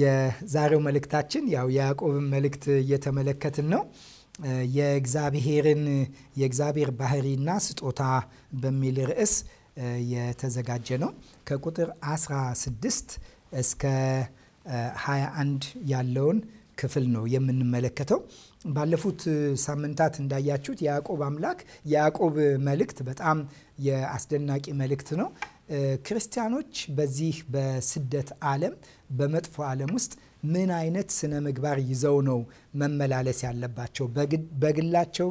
የዛሬው መልእክታችን ያው የያዕቆብን መልእክት እየተመለከትን ነው። የእግዚአብሔርን የእግዚአብሔር ባህሪና ስጦታ በሚል ርዕስ የተዘጋጀ ነው። ከቁጥር 16 እስከ 21 ያለውን ክፍል ነው የምንመለከተው። ባለፉት ሳምንታት እንዳያችሁት የያዕቆብ አምላክ የያዕቆብ መልእክት በጣም የአስደናቂ መልእክት ነው። ክርስቲያኖች በዚህ በስደት ዓለም በመጥፎ ዓለም ውስጥ ምን አይነት ስነ ምግባር ይዘው ነው መመላለስ ያለባቸው በግላቸው፣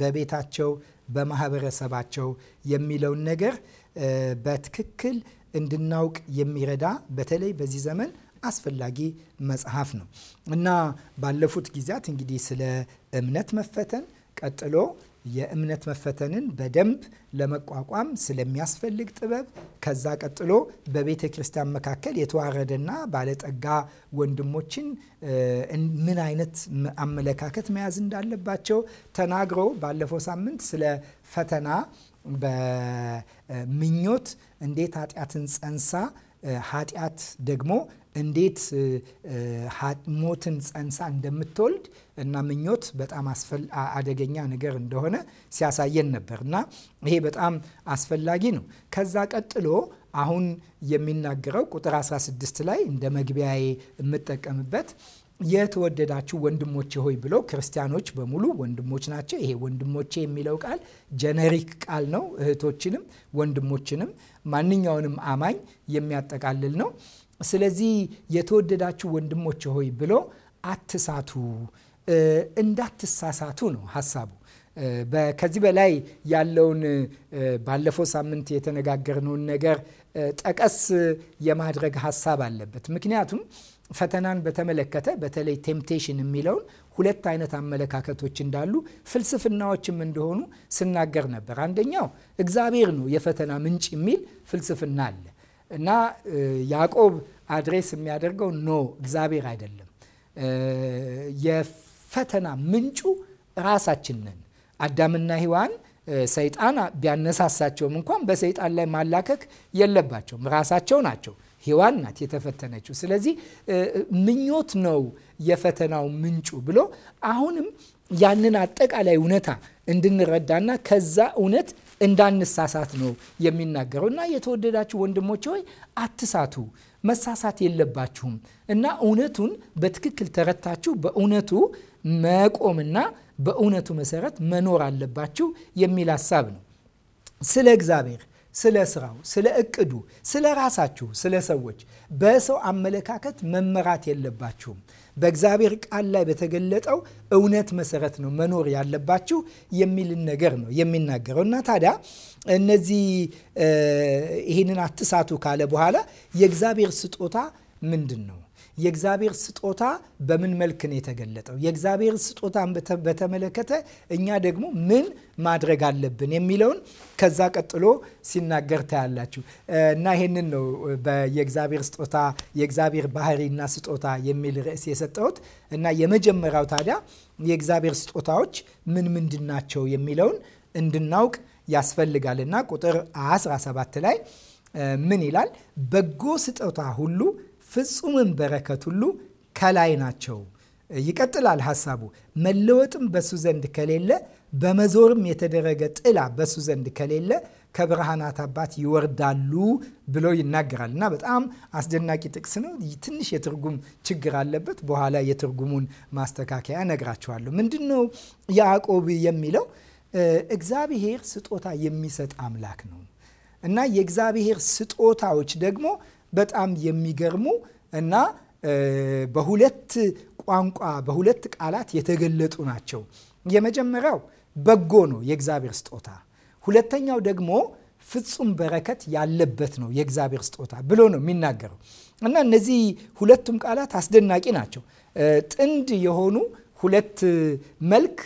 በቤታቸው፣ በማህበረሰባቸው የሚለውን ነገር በትክክል እንድናውቅ የሚረዳ በተለይ በዚህ ዘመን አስፈላጊ መጽሐፍ ነው እና ባለፉት ጊዜያት እንግዲህ ስለ እምነት መፈተን ቀጥሎ የእምነት መፈተንን በደንብ ለመቋቋም ስለሚያስፈልግ ጥበብ ከዛ ቀጥሎ በቤተ ክርስቲያን መካከል የተዋረደና ባለጠጋ ወንድሞችን ምን አይነት አመለካከት መያዝ እንዳለባቸው ተናግሮ ባለፈው ሳምንት ስለ ፈተና በምኞት እንዴት ኃጢአትን ጸንሳ ኃጢአት ደግሞ እንዴት ሞትን ጸንሳ እንደምትወልድ እና ምኞት በጣም አደገኛ ነገር እንደሆነ ሲያሳየን ነበር እና ይሄ በጣም አስፈላጊ ነው። ከዛ ቀጥሎ አሁን የሚናገረው ቁጥር 16 ላይ እንደ መግቢያዬ የምጠቀምበት የተወደዳችሁ ወንድሞቼ ሆይ ብሎ ክርስቲያኖች በሙሉ ወንድሞች ናቸው። ይሄ ወንድሞቼ የሚለው ቃል ጀነሪክ ቃል ነው። እህቶችንም ወንድሞችንም ማንኛውንም አማኝ የሚያጠቃልል ነው። ስለዚህ የተወደዳችሁ ወንድሞች ሆይ ብሎ አትሳቱ፣ እንዳትሳሳቱ ነው ሀሳቡ። ከዚህ በላይ ያለውን ባለፈው ሳምንት የተነጋገርነውን ነገር ጠቀስ የማድረግ ሀሳብ አለበት። ምክንያቱም ፈተናን በተመለከተ በተለይ ቴምፕቴሽን የሚለውን ሁለት አይነት አመለካከቶች እንዳሉ ፍልስፍናዎችም እንደሆኑ ስናገር ነበር። አንደኛው እግዚአብሔር ነው የፈተና ምንጭ የሚል ፍልስፍና አለ እና ያዕቆብ አድሬስ የሚያደርገው ኖ እግዚአብሔር አይደለም። የፈተና ምንጩ ራሳችን ነን። አዳምና ሔዋን ሰይጣን ቢያነሳሳቸውም እንኳን በሰይጣን ላይ ማላከክ የለባቸውም። ራሳቸው ናቸው። ሔዋን ናት የተፈተነችው። ስለዚህ ምኞት ነው የፈተናው ምንጩ ብሎ አሁንም ያንን አጠቃላይ እውነታ እንድንረዳና ከዛ እውነት እንዳንሳሳት ነው የሚናገረው እና የተወደዳችሁ ወንድሞች ሆይ አትሳቱ። መሳሳት የለባችሁም እና እውነቱን በትክክል ተረታችሁ በእውነቱ መቆምና በእውነቱ መሰረት መኖር አለባችሁ የሚል ሀሳብ ነው። ስለ እግዚአብሔር ስለ ስራው፣ ስለ እቅዱ፣ ስለ ራሳችሁ፣ ስለ ሰዎች በሰው አመለካከት መመራት የለባችሁም። በእግዚአብሔር ቃል ላይ በተገለጠው እውነት መሰረት ነው መኖር ያለባችሁ የሚልን ነገር ነው የሚናገረው። እና ታዲያ እነዚህ ይህንን አትሳቱ ካለ በኋላ የእግዚአብሔር ስጦታ ምንድን ነው? የእግዚአብሔር ስጦታ በምን መልክ ነው የተገለጠው? የእግዚአብሔር ስጦታን በተመለከተ እኛ ደግሞ ምን ማድረግ አለብን የሚለውን ከዛ ቀጥሎ ሲናገር ታያላችሁ እና ይህንን ነው የእግዚአብሔር ስጦታ የእግዚአብሔር ባህሪና ስጦታ የሚል ርዕስ የሰጠሁት እና የመጀመሪያው ታዲያ የእግዚአብሔር ስጦታዎች ምን ምንድን ናቸው የሚለውን እንድናውቅ ያስፈልጋል እና ቁጥር 17 ላይ ምን ይላል? በጎ ስጦታ ሁሉ ፍጹምም በረከት ሁሉ ከላይ ናቸው። ይቀጥላል ሀሳቡ። መለወጥም በሱ ዘንድ ከሌለ፣ በመዞርም የተደረገ ጥላ በሱ ዘንድ ከሌለ ከብርሃናት አባት ይወርዳሉ ብሎ ይናገራል እና በጣም አስደናቂ ጥቅስ ነው። ትንሽ የትርጉም ችግር አለበት። በኋላ የትርጉሙን ማስተካከያ እነግራችኋለሁ። ምንድን ነው ያዕቆብ የሚለው? እግዚአብሔር ስጦታ የሚሰጥ አምላክ ነው እና የእግዚአብሔር ስጦታዎች ደግሞ በጣም የሚገርሙ እና በሁለት ቋንቋ በሁለት ቃላት የተገለጡ ናቸው። የመጀመሪያው በጎ ነው፣ የእግዚአብሔር ስጦታ። ሁለተኛው ደግሞ ፍጹም በረከት ያለበት ነው የእግዚአብሔር ስጦታ ብሎ ነው የሚናገረው እና እነዚህ ሁለቱም ቃላት አስደናቂ ናቸው። ጥንድ የሆኑ ሁለት መልክ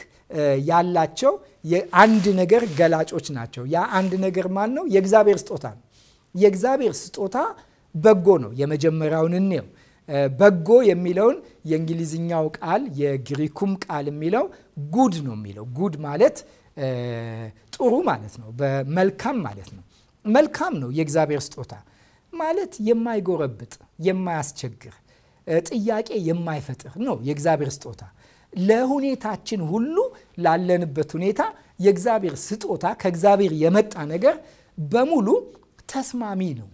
ያላቸው የአንድ ነገር ገላጮች ናቸው። ያ አንድ ነገር ማን ነው? የእግዚአብሔር ስጦታ ነው። የእግዚአብሔር ስጦታ በጎ ነው። የመጀመሪያውን እንየው። በጎ የሚለውን የእንግሊዝኛው ቃል የግሪኩም ቃል የሚለው ጉድ ነው የሚለው። ጉድ ማለት ጥሩ ማለት ነው፣ በመልካም ማለት ነው። መልካም ነው የእግዚአብሔር ስጦታ ማለት የማይጎረብጥ የማያስቸግር ጥያቄ የማይፈጥር ነው የእግዚአብሔር ስጦታ። ለሁኔታችን ሁሉ ላለንበት ሁኔታ የእግዚአብሔር ስጦታ ከእግዚአብሔር የመጣ ነገር በሙሉ ተስማሚ ነው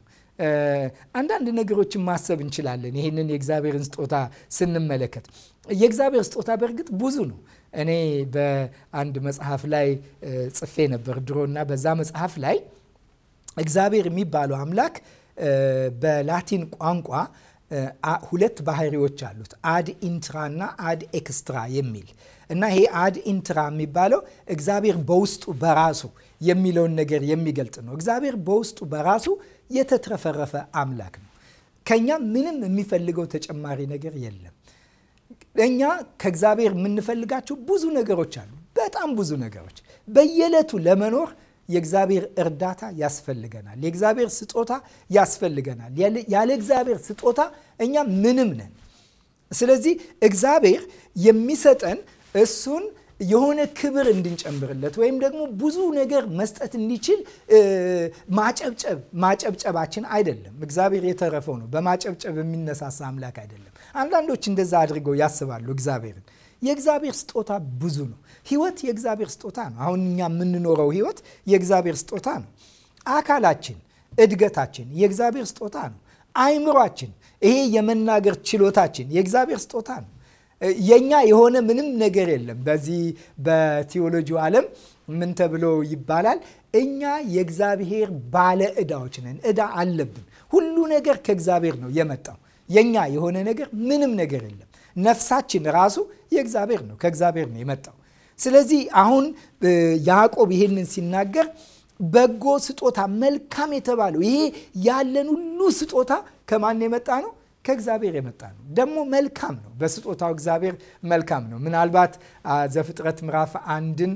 አንዳንድ ነገሮችን ማሰብ እንችላለን። ይህንን የእግዚአብሔርን ስጦታ ስንመለከት የእግዚአብሔር ስጦታ በእርግጥ ብዙ ነው። እኔ በአንድ መጽሐፍ ላይ ጽፌ ነበር ድሮ እና በዛ መጽሐፍ ላይ እግዚአብሔር የሚባለው አምላክ በላቲን ቋንቋ ሁለት ባህሪዎች አሉት አድ ኢንትራ እና አድ ኤክስትራ የሚል እና ይሄ አድ ኢንትራ የሚባለው እግዚአብሔር በውስጡ በራሱ የሚለውን ነገር የሚገልጥ ነው። እግዚአብሔር በውስጡ በራሱ የተትረፈረፈ አምላክ ነው። ከኛ ምንም የሚፈልገው ተጨማሪ ነገር የለም። እኛ ከእግዚአብሔር የምንፈልጋቸው ብዙ ነገሮች አሉ፣ በጣም ብዙ ነገሮች። በየዕለቱ ለመኖር የእግዚአብሔር እርዳታ ያስፈልገናል። የእግዚአብሔር ስጦታ ያስፈልገናል። ያለ እግዚአብሔር ስጦታ እኛ ምንም ነን። ስለዚህ እግዚአብሔር የሚሰጠን እሱን የሆነ ክብር እንድንጨምርለት ወይም ደግሞ ብዙ ነገር መስጠት እንዲችል ማጨብጨብ ማጨብጨባችን አይደለም። እግዚአብሔር የተረፈው ነው። በማጨብጨብ የሚነሳሳ አምላክ አይደለም። አንዳንዶች እንደዛ አድርገው ያስባሉ እግዚአብሔርን። የእግዚአብሔር ስጦታ ብዙ ነው። ህይወት የእግዚአብሔር ስጦታ ነው። አሁን እኛ የምንኖረው ህይወት የእግዚአብሔር ስጦታ ነው። አካላችን፣ እድገታችን የእግዚአብሔር ስጦታ ነው። አይምሯችን፣ ይሄ የመናገር ችሎታችን የእግዚአብሔር ስጦታ ነው። የኛ የሆነ ምንም ነገር የለም። በዚህ በቲዎሎጂው ዓለም ምን ተብሎ ይባላል? እኛ የእግዚአብሔር ባለ እዳዎች ነን። እዳ አለብን። ሁሉ ነገር ከእግዚአብሔር ነው የመጣው። የኛ የሆነ ነገር ምንም ነገር የለም። ነፍሳችን ራሱ የእግዚአብሔር ነው፣ ከእግዚአብሔር ነው የመጣው። ስለዚህ አሁን ያዕቆብ ይሄንን ሲናገር በጎ ስጦታ መልካም የተባለው ይሄ ያለን ሁሉ ስጦታ ከማን የመጣ ነው? ከእግዚአብሔር የመጣ ነው። ደግሞ መልካም ነው። በስጦታው እግዚአብሔር መልካም ነው። ምናልባት ዘፍጥረት ምዕራፍ አንድን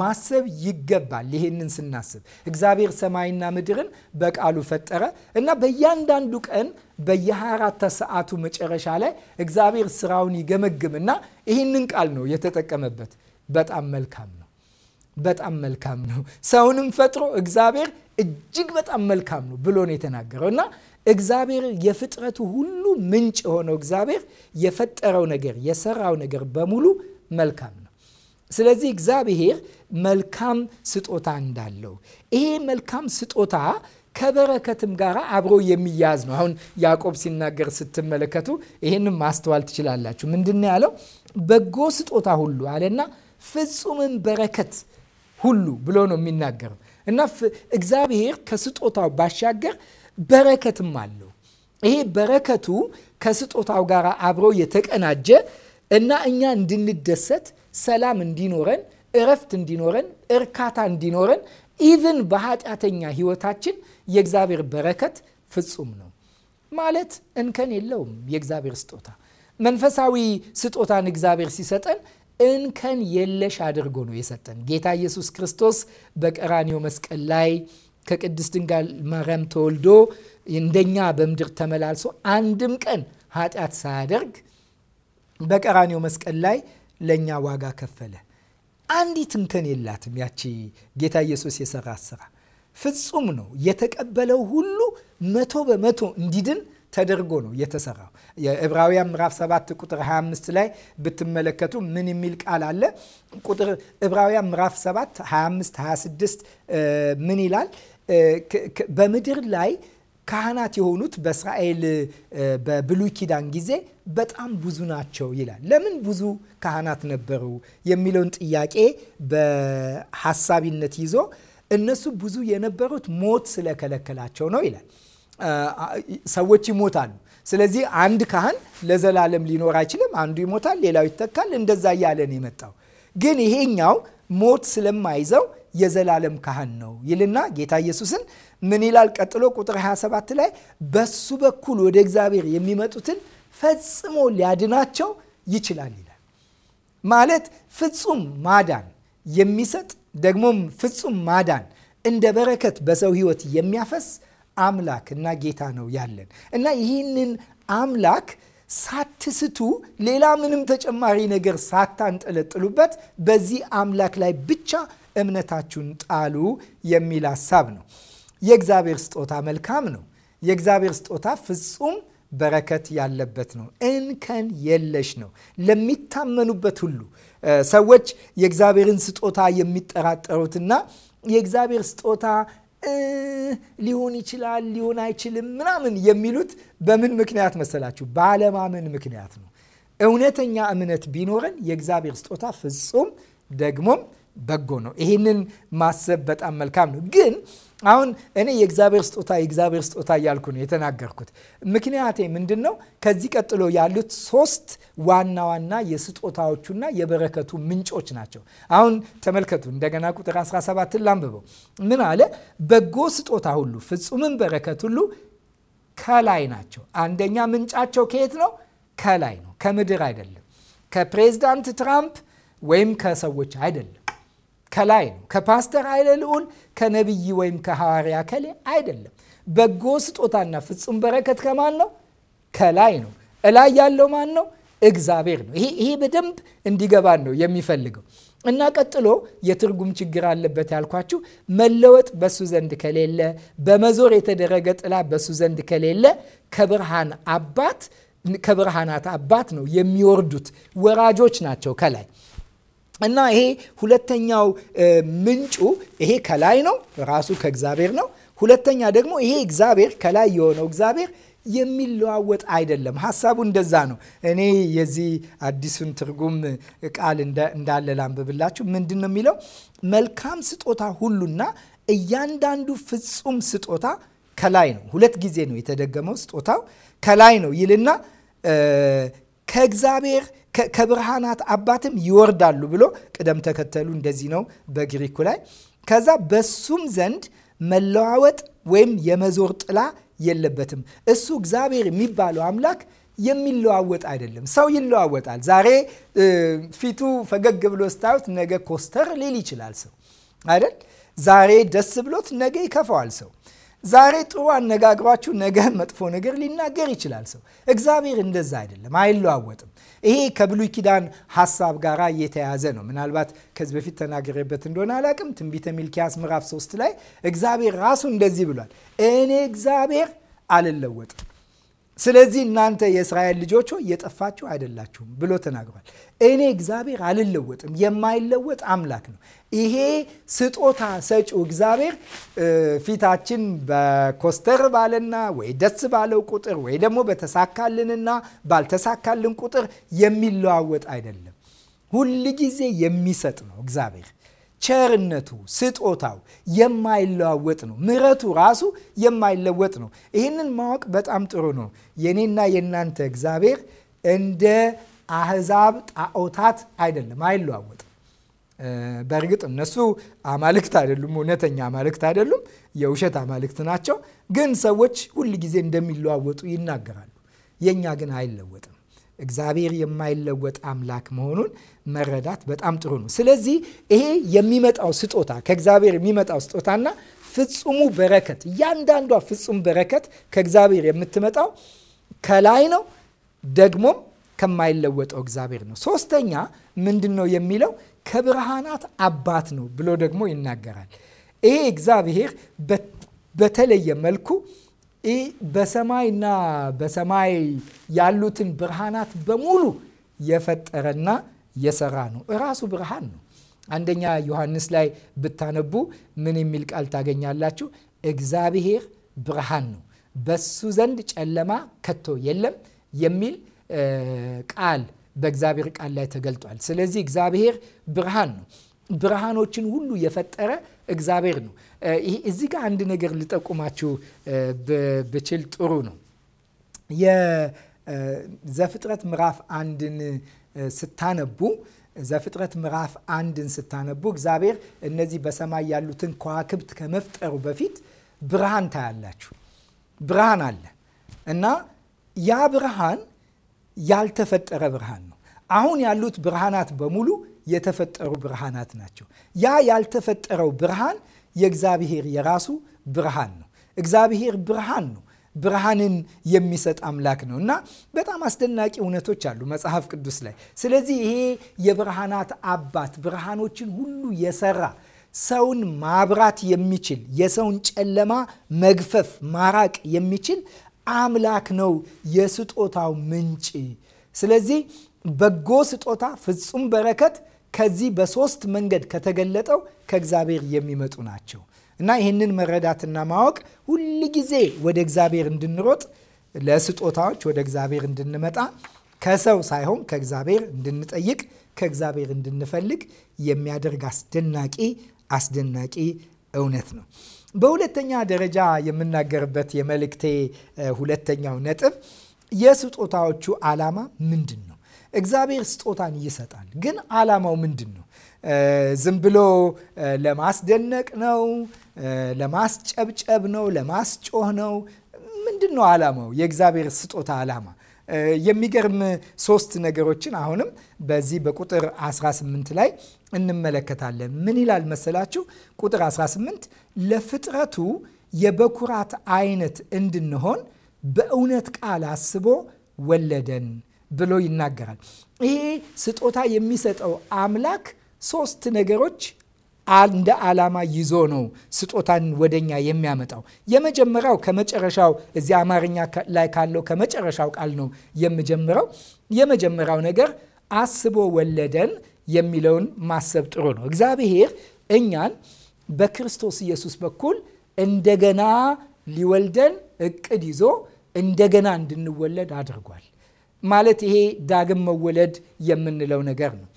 ማሰብ ይገባል። ይሄንን ስናስብ እግዚአብሔር ሰማይና ምድርን በቃሉ ፈጠረ እና በእያንዳንዱ ቀን በየ24 ሰዓቱ መጨረሻ ላይ እግዚአብሔር ስራውን ይገመግምና ይህንን ቃል ነው የተጠቀመበት። በጣም መልካም ነው። በጣም መልካም ነው፣ ሰውንም ፈጥሮ እግዚአብሔር እጅግ በጣም መልካም ነው ብሎ ነው የተናገረው እና እግዚአብሔር የፍጥረቱ ሁሉ ምንጭ የሆነው እግዚአብሔር የፈጠረው ነገር የሰራው ነገር በሙሉ መልካም ነው። ስለዚህ እግዚአብሔር መልካም ስጦታ እንዳለው ይሄ መልካም ስጦታ ከበረከትም ጋር አብሮ የሚያዝ ነው። አሁን ያዕቆብ ሲናገር ስትመለከቱ ይህንም ማስተዋል ትችላላችሁ። ምንድን ያለው በጎ ስጦታ ሁሉ አለና ፍጹምም በረከት ሁሉ ብሎ ነው የሚናገረው እና እግዚአብሔር ከስጦታው ባሻገር በረከትም አለው። ይሄ በረከቱ ከስጦታው ጋር አብሮ የተቀናጀ እና እኛ እንድንደሰት፣ ሰላም እንዲኖረን፣ እረፍት እንዲኖረን፣ እርካታ እንዲኖረን ኢቭን በኃጢአተኛ ህይወታችን የእግዚአብሔር በረከት ፍጹም ነው ማለት እንከን የለውም። የእግዚአብሔር ስጦታ መንፈሳዊ ስጦታን እግዚአብሔር ሲሰጠን እንከን የለሽ አድርጎ ነው የሰጠን። ጌታ ኢየሱስ ክርስቶስ በቀራኒው መስቀል ላይ ከቅድስት ድንግል ማርያም ተወልዶ እንደኛ በምድር ተመላልሶ አንድም ቀን ኃጢአት ሳያደርግ በቀራኒው መስቀል ላይ ለእኛ ዋጋ ከፈለ። አንዲት እንከን የላትም። ያቺ ጌታ ኢየሱስ የሰራ ስራ ፍጹም ነው። የተቀበለው ሁሉ መቶ በመቶ እንዲድን ተደርጎ ነው የተሰራው። የዕብራውያን ምዕራፍ 7 ቁጥር 25 ላይ ብትመለከቱ ምን የሚል ቃል አለ? ቁጥር ዕብራውያን ምዕራፍ 7 25 26 ምን ይላል? በምድር ላይ ካህናት የሆኑት በእስራኤል በብሉይ ኪዳን ጊዜ በጣም ብዙ ናቸው ይላል። ለምን ብዙ ካህናት ነበሩ የሚለውን ጥያቄ በሀሳቢነት ይዞ እነሱ ብዙ የነበሩት ሞት ስለከለከላቸው ነው ይላል። ሰዎች ይሞታሉ። ስለዚህ አንድ ካህን ለዘላለም ሊኖር አይችልም። አንዱ ይሞታል፣ ሌላው ይተካል። እንደዛ እያለ ነው የመጣው። ግን ይሄኛው ሞት ስለማይዘው የዘላለም ካህን ነው ይልና ጌታ ኢየሱስን ምን ይላል? ቀጥሎ ቁጥር 27 ላይ በሱ በኩል ወደ እግዚአብሔር የሚመጡትን ፈጽሞ ሊያድናቸው ይችላል ይላል። ማለት ፍጹም ማዳን የሚሰጥ ደግሞም ፍጹም ማዳን እንደ በረከት በሰው ሕይወት የሚያፈስ አምላክ እና ጌታ ነው ያለን እና ይህንን አምላክ ሳትስቱ ሌላ ምንም ተጨማሪ ነገር ሳታንጠለጥሉበት በዚህ አምላክ ላይ ብቻ እምነታችሁን ጣሉ የሚል ሀሳብ ነው። የእግዚአብሔር ስጦታ መልካም ነው። የእግዚአብሔር ስጦታ ፍጹም በረከት ያለበት ነው። እንከን የለሽ ነው። ለሚታመኑበት ሁሉ ሰዎች የእግዚአብሔርን ስጦታ የሚጠራጠሩትና የእግዚአብሔር ስጦታ ሊሆን ይችላል ሊሆን አይችልም ምናምን የሚሉት በምን ምክንያት መሰላችሁ? ባለማመን ምክንያት ነው። እውነተኛ እምነት ቢኖረን የእግዚአብሔር ስጦታ ፍጹም ደግሞም በጎ ነው። ይህንን ማሰብ በጣም መልካም ነው ግን አሁን እኔ የእግዚአብሔር ስጦታ የእግዚአብሔር ስጦታ እያልኩ ነው የተናገርኩት። ምክንያቴ ምንድን ነው? ከዚህ ቀጥሎ ያሉት ሶስት ዋና ዋና የስጦታዎቹና የበረከቱ ምንጮች ናቸው። አሁን ተመልከቱ። እንደገና ቁጥር 17 ላንብበው። ምን አለ? በጎ ስጦታ ሁሉ ፍጹምን በረከት ሁሉ ከላይ ናቸው። አንደኛ ምንጫቸው ከየት ነው? ከላይ ነው። ከምድር አይደለም። ከፕሬዚዳንት ትራምፕ ወይም ከሰዎች አይደለም ከላይ ነው። ከፓስተር ኃይለ ልዑል ከነቢይ ወይም ከሐዋርያ ከሌ አይደለም። በጎ ስጦታና ፍጹም በረከት ከማን ነው? ከላይ ነው። እላይ ያለው ማን ነው? እግዚአብሔር ነው። ይሄ በደንብ እንዲገባን ነው የሚፈልገው። እና ቀጥሎ የትርጉም ችግር አለበት ያልኳችሁ መለወጥ በሱ ዘንድ ከሌለ፣ በመዞር የተደረገ ጥላ በሱ ዘንድ ከሌለ ከብርሃን አባት ከብርሃናት አባት ነው የሚወርዱት፣ ወራጆች ናቸው ከላይ እና ይሄ ሁለተኛው ምንጩ ይሄ ከላይ ነው፣ ራሱ ከእግዚአብሔር ነው። ሁለተኛ ደግሞ ይሄ እግዚአብሔር ከላይ የሆነው እግዚአብሔር የሚለዋወጥ አይደለም። ሀሳቡ እንደዛ ነው። እኔ የዚህ አዲሱን ትርጉም ቃል እንዳለ ላንብብላችሁ። ምንድን ነው የሚለው? መልካም ስጦታ ሁሉና እያንዳንዱ ፍጹም ስጦታ ከላይ ነው። ሁለት ጊዜ ነው የተደገመው። ስጦታው ከላይ ነው ይልና ከእግዚአብሔር ከብርሃናት አባትም ይወርዳሉ ብሎ ቅደም ተከተሉ እንደዚህ ነው በግሪኩ ላይ። ከዛ በሱም ዘንድ መለዋወጥ ወይም የመዞር ጥላ የለበትም። እሱ እግዚአብሔር የሚባለው አምላክ የሚለዋወጥ አይደለም። ሰው ይለዋወጣል። ዛሬ ፊቱ ፈገግ ብሎ ስታዩት ነገ ኮስተር ሊል ይችላል ሰው አይደል? ዛሬ ደስ ብሎት ነገ ይከፋዋል ሰው። ዛሬ ጥሩ አነጋግሯችሁ ነገ መጥፎ ነገር ሊናገር ይችላል ሰው። እግዚአብሔር እንደዛ አይደለም፣ አይለዋወጥም። ይሄ ከብሉይ ኪዳን ሀሳብ ጋር እየተያያዘ ነው። ምናልባት ከዚህ በፊት ተናገሬበት እንደሆነ አላቅም። ትንቢተ ሚልኪያስ ምዕራፍ ሶስት ላይ እግዚአብሔር ራሱ እንደዚህ ብሏል፣ እኔ እግዚአብሔር አልለወጥም ስለዚህ እናንተ የእስራኤል ልጆች ሆይ የጠፋችሁ አይደላችሁም ብሎ ተናግሯል። እኔ እግዚአብሔር አልለወጥም፣ የማይለወጥ አምላክ ነው። ይሄ ስጦታ ሰጪው እግዚአብሔር ፊታችን በኮስተር ባለና ወይ ደስ ባለው ቁጥር ወይ ደግሞ በተሳካልንና ባልተሳካልን ቁጥር የሚለዋወጥ አይደለም። ሁልጊዜ የሚሰጥ ነው እግዚአብሔር ቸርነቱ፣ ስጦታው የማይለዋወጥ ነው። ምረቱ ራሱ የማይለወጥ ነው። ይህንን ማወቅ በጣም ጥሩ ነው። የኔና የእናንተ እግዚአብሔር እንደ አህዛብ ጣዖታት አይደለም፣ አይለዋወጥም። በእርግጥ እነሱ አማልክት አይደሉም፣ እውነተኛ አማልክት አይደሉም፣ የውሸት አማልክት ናቸው። ግን ሰዎች ሁል ጊዜ እንደሚለዋወጡ ይናገራሉ። የእኛ ግን አይለወጥም። እግዚአብሔር የማይለወጥ አምላክ መሆኑን መረዳት በጣም ጥሩ ነው። ስለዚህ ይሄ የሚመጣው ስጦታ ከእግዚአብሔር የሚመጣው ስጦታና ፍጹሙ በረከት እያንዳንዷ ፍጹም በረከት ከእግዚአብሔር የምትመጣው ከላይ ነው፣ ደግሞም ከማይለወጠው እግዚአብሔር ነው። ሶስተኛ ምንድን ነው የሚለው ከብርሃናት አባት ነው ብሎ ደግሞ ይናገራል። ይሄ እግዚአብሔር በተለየ መልኩ ይህ በሰማይና በሰማይ ያሉትን ብርሃናት በሙሉ የፈጠረና የሰራ ነው። እራሱ ብርሃን ነው። አንደኛ ዮሐንስ ላይ ብታነቡ ምን የሚል ቃል ታገኛላችሁ? እግዚአብሔር ብርሃን ነው፣ በሱ ዘንድ ጨለማ ከቶ የለም የሚል ቃል በእግዚአብሔር ቃል ላይ ተገልጧል። ስለዚህ እግዚአብሔር ብርሃን ነው። ብርሃኖችን ሁሉ የፈጠረ እግዚአብሔር ነው። እዚህ ጋር አንድ ነገር ልጠቁማችሁ ብችል ጥሩ ነው። የዘፍጥረት ምዕራፍ አንድን ስታነቡ ዘፍጥረት ምዕራፍ አንድን ስታነቡ እግዚአብሔር እነዚህ በሰማይ ያሉትን ከዋክብት ከመፍጠሩ በፊት ብርሃን ታያላችሁ። ብርሃን አለ እና ያ ብርሃን ያልተፈጠረ ብርሃን ነው። አሁን ያሉት ብርሃናት በሙሉ የተፈጠሩ ብርሃናት ናቸው። ያ ያልተፈጠረው ብርሃን የእግዚአብሔር የራሱ ብርሃን ነው። እግዚአብሔር ብርሃን ነው። ብርሃንን የሚሰጥ አምላክ ነው እና በጣም አስደናቂ እውነቶች አሉ መጽሐፍ ቅዱስ ላይ። ስለዚህ ይሄ የብርሃናት አባት ብርሃኖችን ሁሉ የሰራ ሰውን ማብራት የሚችል የሰውን ጨለማ መግፈፍ፣ ማራቅ የሚችል አምላክ ነው የስጦታው ምንጭ። ስለዚህ በጎ ስጦታ፣ ፍጹም በረከት ከዚህ በሶስት መንገድ ከተገለጠው ከእግዚአብሔር የሚመጡ ናቸው እና ይህንን መረዳትና ማወቅ ሁል ጊዜ ወደ እግዚአብሔር እንድንሮጥ ለስጦታዎች ወደ እግዚአብሔር እንድንመጣ ከሰው ሳይሆን ከእግዚአብሔር እንድንጠይቅ ከእግዚአብሔር እንድንፈልግ የሚያደርግ አስደናቂ አስደናቂ እውነት ነው። በሁለተኛ ደረጃ የምናገርበት የመልእክቴ ሁለተኛው ነጥብ የስጦታዎቹ ዓላማ ምንድን ነው? እግዚአብሔር ስጦታን ይሰጣል። ግን ዓላማው ምንድን ነው? ዝም ብሎ ለማስደነቅ ነው? ለማስጨብጨብ ነው? ለማስጮህ ነው? ምንድን ነው ዓላማው? የእግዚአብሔር ስጦታ ዓላማ የሚገርም ሶስት ነገሮችን አሁንም በዚህ በቁጥር 18 ላይ እንመለከታለን። ምን ይላል መሰላችሁ? ቁጥር 18 ለፍጥረቱ የበኩራት አይነት እንድንሆን በእውነት ቃል አስቦ ወለደን ብሎ ይናገራል። ይሄ ስጦታ የሚሰጠው አምላክ ሶስት ነገሮች እንደ ዓላማ ይዞ ነው ስጦታን ወደኛ የሚያመጣው። የመጀመሪያው ከመጨረሻው እዚ አማርኛ ላይ ካለው ከመጨረሻው ቃል ነው የምጀምረው። የመጀመሪያው ነገር አስቦ ወለደን የሚለውን ማሰብ ጥሩ ነው። እግዚአብሔር እኛን በክርስቶስ ኢየሱስ በኩል እንደገና ሊወልደን እቅድ ይዞ እንደገና እንድንወለድ አድርጓል። ማለት ይሄ ዳግም መወለድ የምንለው ነገር ነው።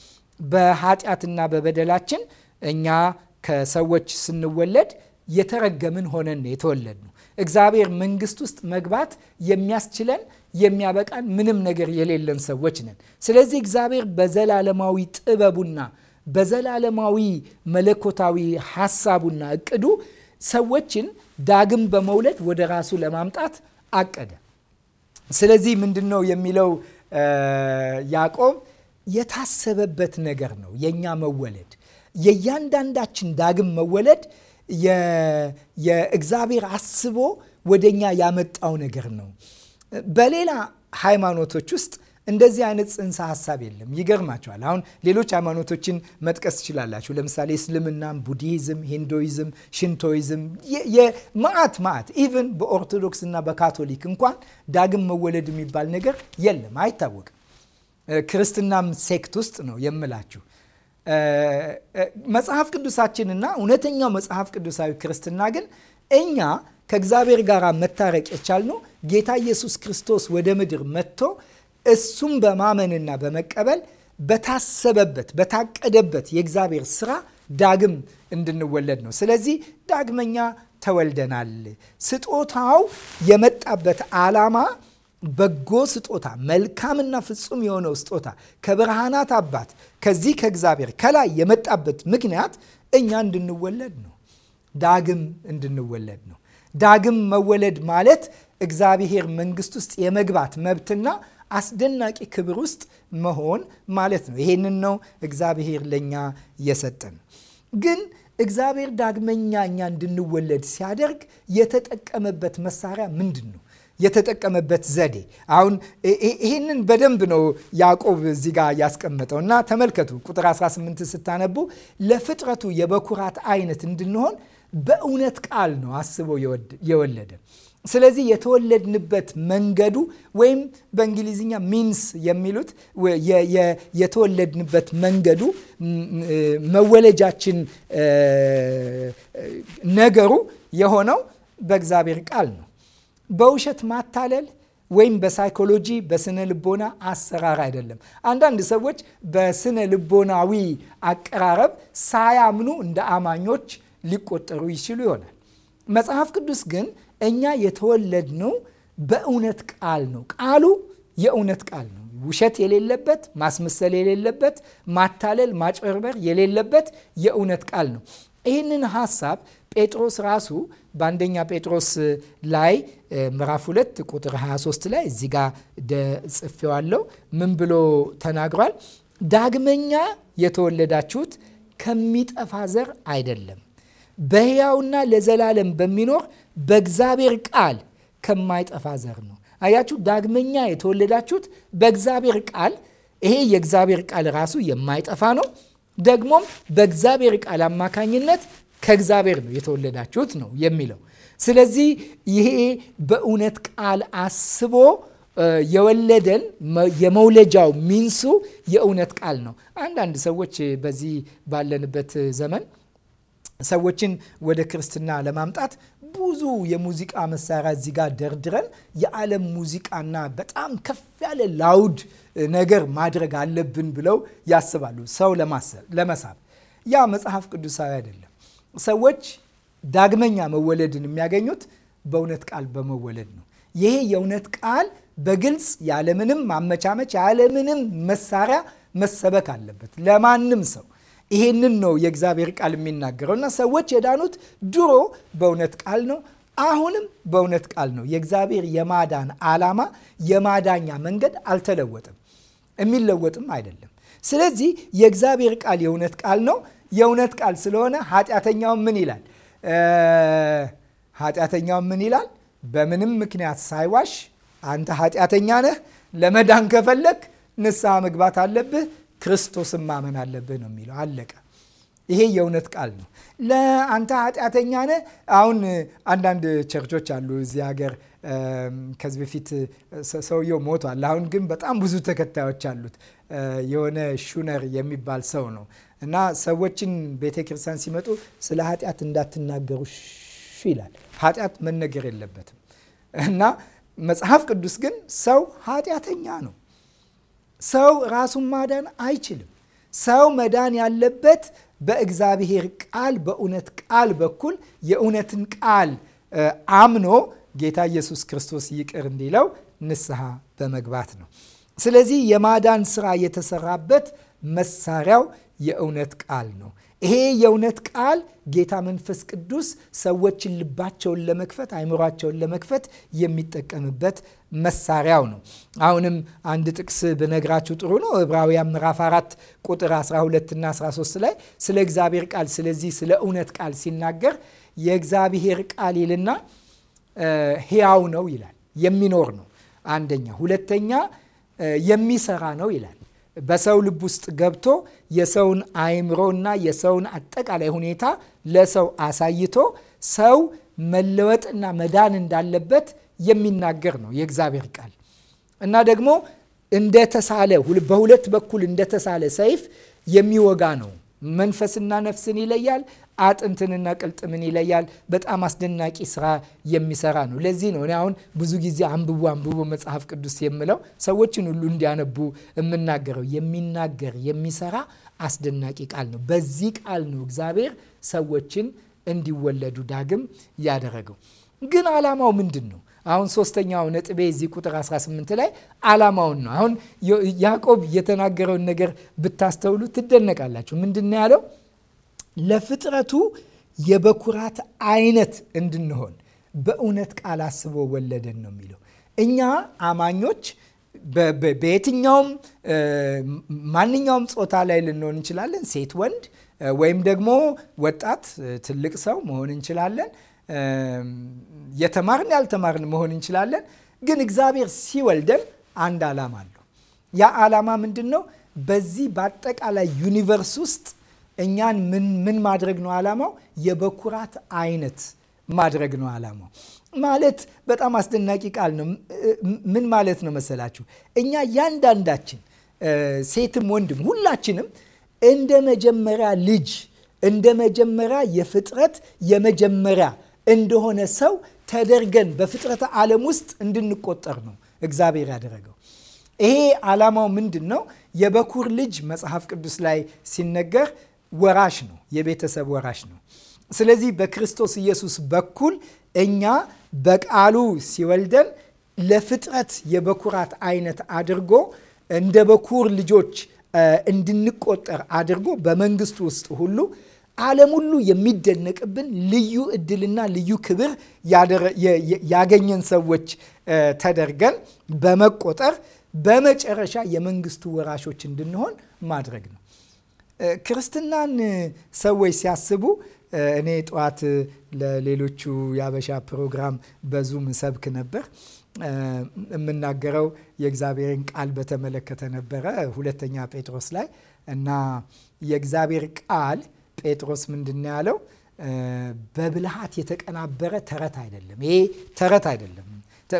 በኃጢአትና በበደላችን እኛ ከሰዎች ስንወለድ የተረገምን ሆነን ነው የተወለድነው። እግዚአብሔር መንግስት ውስጥ መግባት የሚያስችለን የሚያበቃን ምንም ነገር የሌለን ሰዎች ነን። ስለዚህ እግዚአብሔር በዘላለማዊ ጥበቡና በዘላለማዊ መለኮታዊ ሀሳቡና እቅዱ ሰዎችን ዳግም በመውለድ ወደ ራሱ ለማምጣት አቀደ። ስለዚህ ምንድን ነው የሚለው ያዕቆብ የታሰበበት ነገር ነው። የእኛ መወለድ የእያንዳንዳችን ዳግም መወለድ የእግዚአብሔር አስቦ ወደኛ ያመጣው ነገር ነው። በሌላ ሃይማኖቶች ውስጥ እንደዚህ አይነት ጽንሰ ሀሳብ የለም። ይገርማቸዋል። አሁን ሌሎች ሃይማኖቶችን መጥቀስ ትችላላችሁ። ለምሳሌ እስልምና ቡዲሂዝም፣ ሂንዱይዝም፣ ሽንቶይዝም የማአት ማአት ኢቨን በኦርቶዶክስ እና በካቶሊክ እንኳን ዳግም መወለድ የሚባል ነገር የለም፣ አይታወቅም። ክርስትናም ሴክት ውስጥ ነው የምላችሁ። መጽሐፍ ቅዱሳችንና እውነተኛው መጽሐፍ ቅዱሳዊ ክርስትና ግን እኛ ከእግዚአብሔር ጋር መታረቅ የቻልነው ጌታ ኢየሱስ ክርስቶስ ወደ ምድር መጥቶ እሱም በማመንና በመቀበል በታሰበበት በታቀደበት የእግዚአብሔር ስራ ዳግም እንድንወለድ ነው። ስለዚህ ዳግመኛ ተወልደናል። ስጦታው የመጣበት ዓላማ በጎ ስጦታ መልካምና ፍጹም የሆነው ስጦታ ከብርሃናት አባት ከዚህ ከእግዚአብሔር ከላይ የመጣበት ምክንያት እኛ እንድንወለድ ነው። ዳግም እንድንወለድ ነው። ዳግም መወለድ ማለት እግዚአብሔር መንግስት ውስጥ የመግባት መብትና አስደናቂ ክብር ውስጥ መሆን ማለት ነው። ይሄንን ነው እግዚአብሔር ለእኛ የሰጠን። ግን እግዚአብሔር ዳግመኛ እኛ እንድንወለድ ሲያደርግ የተጠቀመበት መሳሪያ ምንድን ነው? የተጠቀመበት ዘዴ አሁን ይህንን በደንብ ነው ያዕቆብ እዚህ ጋር ያስቀመጠው እና ተመልከቱ፣ ቁጥር 18 ስታነቡ ለፍጥረቱ የበኩራት አይነት እንድንሆን በእውነት ቃል ነው አስቦ የወለደ ስለዚህ የተወለድንበት መንገዱ ወይም በእንግሊዝኛ ሚንስ የሚሉት የተወለድንበት መንገዱ መወለጃችን ነገሩ የሆነው በእግዚአብሔር ቃል ነው። በውሸት ማታለል ወይም በሳይኮሎጂ በስነ ልቦና አሰራር አይደለም። አንዳንድ ሰዎች በስነ ልቦናዊ አቀራረብ ሳያምኑ እንደ አማኞች ሊቆጠሩ ይችሉ ይሆናል። መጽሐፍ ቅዱስ ግን እኛ የተወለድነው በእውነት ቃል ነው። ቃሉ የእውነት ቃል ነው። ውሸት የሌለበት፣ ማስመሰል የሌለበት፣ ማታለል፣ ማጭበርበር የሌለበት የእውነት ቃል ነው። ይህንን ሀሳብ ጴጥሮስ ራሱ በአንደኛ ጴጥሮስ ላይ ምዕራፍ 2 ቁጥር 23 ላይ እዚ ጋ ጽፌዋለሁ። ምን ብሎ ተናግሯል? ዳግመኛ የተወለዳችሁት ከሚጠፋ ዘር አይደለም፣ በሕያውና ለዘላለም በሚኖር በእግዚአብሔር ቃል ከማይጠፋ ዘር ነው። አያችሁ፣ ዳግመኛ የተወለዳችሁት በእግዚአብሔር ቃል። ይሄ የእግዚአብሔር ቃል ራሱ የማይጠፋ ነው። ደግሞም በእግዚአብሔር ቃል አማካኝነት ከእግዚአብሔር ነው የተወለዳችሁት ነው የሚለው። ስለዚህ ይሄ በእውነት ቃል አስቦ የወለደን የመውለጃው ሚንሱ የእውነት ቃል ነው። አንዳንድ ሰዎች በዚህ ባለንበት ዘመን ሰዎችን ወደ ክርስትና ለማምጣት ብዙ የሙዚቃ መሳሪያ እዚህ ጋር ደርድረን የዓለም ሙዚቃና በጣም ከፍ ያለ ላውድ ነገር ማድረግ አለብን ብለው ያስባሉ፣ ሰው ለመሳብ። ያ መጽሐፍ ቅዱሳዊ አይደለም። ሰዎች ዳግመኛ መወለድን የሚያገኙት በእውነት ቃል በመወለድ ነው። ይሄ የእውነት ቃል በግልጽ ያለምንም ማመቻመች ያለምንም መሳሪያ መሰበክ አለበት ለማንም ሰው ይሄንን ነው የእግዚአብሔር ቃል የሚናገረው እና ሰዎች የዳኑት ድሮ በእውነት ቃል ነው፣ አሁንም በእውነት ቃል ነው። የእግዚአብሔር የማዳን ዓላማ የማዳኛ መንገድ አልተለወጥም፣ የሚለወጥም አይደለም። ስለዚህ የእግዚአብሔር ቃል የእውነት ቃል ነው። የእውነት ቃል ስለሆነ ኃጢአተኛውን ምን ይላል? ኃጢአተኛውን ምን ይላል? በምንም ምክንያት ሳይዋሽ አንተ ኃጢአተኛ ነህ፣ ለመዳን ከፈለግ ንስሐ መግባት አለብህ ክርስቶስን ማመን አለብህ ነው የሚለው። አለቀ። ይሄ የእውነት ቃል ነው። ለአንተ ኃጢአተኛ ነህ። አሁን አንዳንድ ቸርቾች አሉ እዚህ ሀገር ከዚህ በፊት ሰውየው ሞቷል። አሁን ግን በጣም ብዙ ተከታዮች አሉት። የሆነ ሹነር የሚባል ሰው ነው እና ሰዎችን ቤተ ክርስቲያን ሲመጡ ስለ ኃጢአት እንዳትናገሩ ይላል። ኃጢአት መነገር የለበትም እና መጽሐፍ ቅዱስ ግን ሰው ኃጢአተኛ ነው ሰው ራሱን ማዳን አይችልም። ሰው መዳን ያለበት በእግዚአብሔር ቃል በእውነት ቃል በኩል የእውነትን ቃል አምኖ ጌታ ኢየሱስ ክርስቶስ ይቅር እንዲለው ንስሐ በመግባት ነው። ስለዚህ የማዳን ስራ የተሰራበት መሳሪያው የእውነት ቃል ነው። ይሄ የእውነት ቃል ጌታ መንፈስ ቅዱስ ሰዎችን ልባቸውን ለመክፈት አይምሯቸውን ለመክፈት የሚጠቀምበት መሳሪያው ነው። አሁንም አንድ ጥቅስ ብነግራችሁ ጥሩ ነው። ዕብራውያን ምዕራፍ 4 ቁጥር 12 እና 13 ላይ ስለ እግዚአብሔር ቃል ስለዚህ ስለ እውነት ቃል ሲናገር የእግዚአብሔር ቃል ይልና ሕያው ነው ይላል፣ የሚኖር ነው አንደኛ፣ ሁለተኛ የሚሰራ ነው ይላል በሰው ልብ ውስጥ ገብቶ የሰውን አእምሮና የሰውን አጠቃላይ ሁኔታ ለሰው አሳይቶ ሰው መለወጥና መዳን እንዳለበት የሚናገር ነው የእግዚአብሔር ቃል እና ደግሞ እንደተሳለ በሁለት በኩል እንደተሳለ ሰይፍ የሚወጋ ነው መንፈስና ነፍስን ይለያል፣ አጥንትንና ቅልጥምን ይለያል። በጣም አስደናቂ ስራ የሚሰራ ነው። ለዚህ ነው እኔ አሁን ብዙ ጊዜ አንብቦ አንብቦ መጽሐፍ ቅዱስ የምለው ሰዎችን ሁሉ እንዲያነቡ የምናገረው። የሚናገር የሚሰራ አስደናቂ ቃል ነው። በዚህ ቃል ነው እግዚአብሔር ሰዎችን እንዲወለዱ ዳግም ያደረገው። ግን ዓላማው ምንድን ነው? አሁን ሶስተኛው ነጥቤ እዚህ ቁጥር 18 ላይ አላማውን ነው። አሁን ያዕቆብ የተናገረውን ነገር ብታስተውሉ ትደነቃላችሁ። ምንድን ነው ያለው? ለፍጥረቱ የበኩራት አይነት እንድንሆን በእውነት ቃል አስቦ ወለደን ነው የሚለው። እኛ አማኞች በየትኛውም ማንኛውም ጾታ ላይ ልንሆን እንችላለን። ሴት፣ ወንድ ወይም ደግሞ ወጣት፣ ትልቅ ሰው መሆን እንችላለን። የተማርን ያልተማርን መሆን እንችላለን። ግን እግዚአብሔር ሲወልደን አንድ ዓላማ አለው። ያ ዓላማ ምንድን ነው? በዚህ በአጠቃላይ ዩኒቨርስ ውስጥ እኛን ምን ማድረግ ነው ዓላማው? የበኩራት አይነት ማድረግ ነው ዓላማው። ማለት በጣም አስደናቂ ቃል ነው። ምን ማለት ነው መሰላችሁ? እኛ እያንዳንዳችን ሴትም ወንድም ሁላችንም እንደ መጀመሪያ ልጅ እንደ መጀመሪያ የፍጥረት የመጀመሪያ እንደሆነ ሰው ተደርገን በፍጥረተ ዓለም ውስጥ እንድንቆጠር ነው እግዚአብሔር ያደረገው። ይሄ ዓላማው ምንድን ነው? የበኩር ልጅ መጽሐፍ ቅዱስ ላይ ሲነገር ወራሽ ነው፣ የቤተሰብ ወራሽ ነው። ስለዚህ በክርስቶስ ኢየሱስ በኩል እኛ በቃሉ ሲወልደን ለፍጥረት የበኩራት አይነት አድርጎ እንደ በኩር ልጆች እንድንቆጠር አድርጎ በመንግስቱ ውስጥ ሁሉ ዓለም ሁሉ የሚደነቅብን ልዩ እድልና ልዩ ክብር ያገኘን ሰዎች ተደርገን በመቆጠር በመጨረሻ የመንግስቱ ወራሾች እንድንሆን ማድረግ ነው። ክርስትናን ሰዎች ሲያስቡ እኔ ጠዋት ለሌሎቹ የአበሻ ፕሮግራም በዙም ሰብክ ነበር። የምናገረው የእግዚአብሔርን ቃል በተመለከተ ነበረ ሁለተኛ ጴጥሮስ ላይ እና የእግዚአብሔር ቃል ጴጥሮስ ምንድን ያለው በብልሃት የተቀናበረ ተረት አይደለም። ይሄ ተረት አይደለም።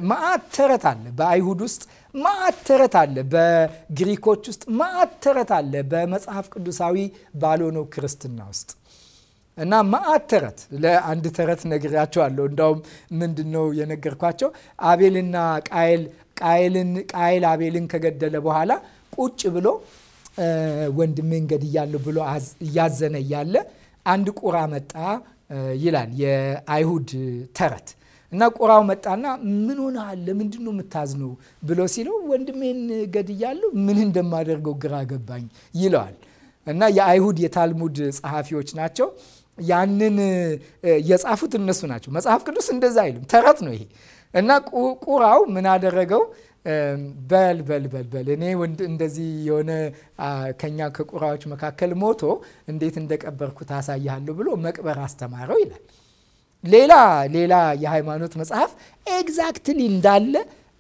ማአት ተረት አለ። በአይሁድ ውስጥ ማአት ተረት አለ። በግሪኮች ውስጥ ማአት ተረት አለ። በመጽሐፍ ቅዱሳዊ ባልሆነው ክርስትና ውስጥ እና ማአት ተረት ለአንድ ተረት ነግሬያቸዋለሁ። እንዳውም ምንድን ነው የነገርኳቸው? አቤልና ቃየል ቃየልን ቃየል አቤልን ከገደለ በኋላ ቁጭ ብሎ ወንድሜ ገድያለሁ ብሎ እያዘነ እያለ አንድ ቁራ መጣ ይላል የአይሁድ ተረት እና ቁራው መጣና ምን ሆነሃል? ለምንድን ነው የምታዝነው? ብሎ ሲለው ወንድሜን ገድያለሁ፣ ምን እንደማደርገው ግራ ገባኝ ይለዋል። እና የአይሁድ የታልሙድ ጸሐፊዎች ናቸው ያንን የጻፉት እነሱ ናቸው። መጽሐፍ ቅዱስ እንደዛ አይልም፣ ተረት ነው ይሄ። እና ቁራው ምን አደረገው? በል በል በል በል እኔ ወንድ እንደዚህ የሆነ ከኛ ከቁራዎች መካከል ሞቶ እንዴት እንደቀበርኩ ታሳያለሁ ብሎ መቅበር አስተማረው ይላል። ሌላ ሌላ የሃይማኖት መጽሐፍ ኤግዛክትሊ እንዳለ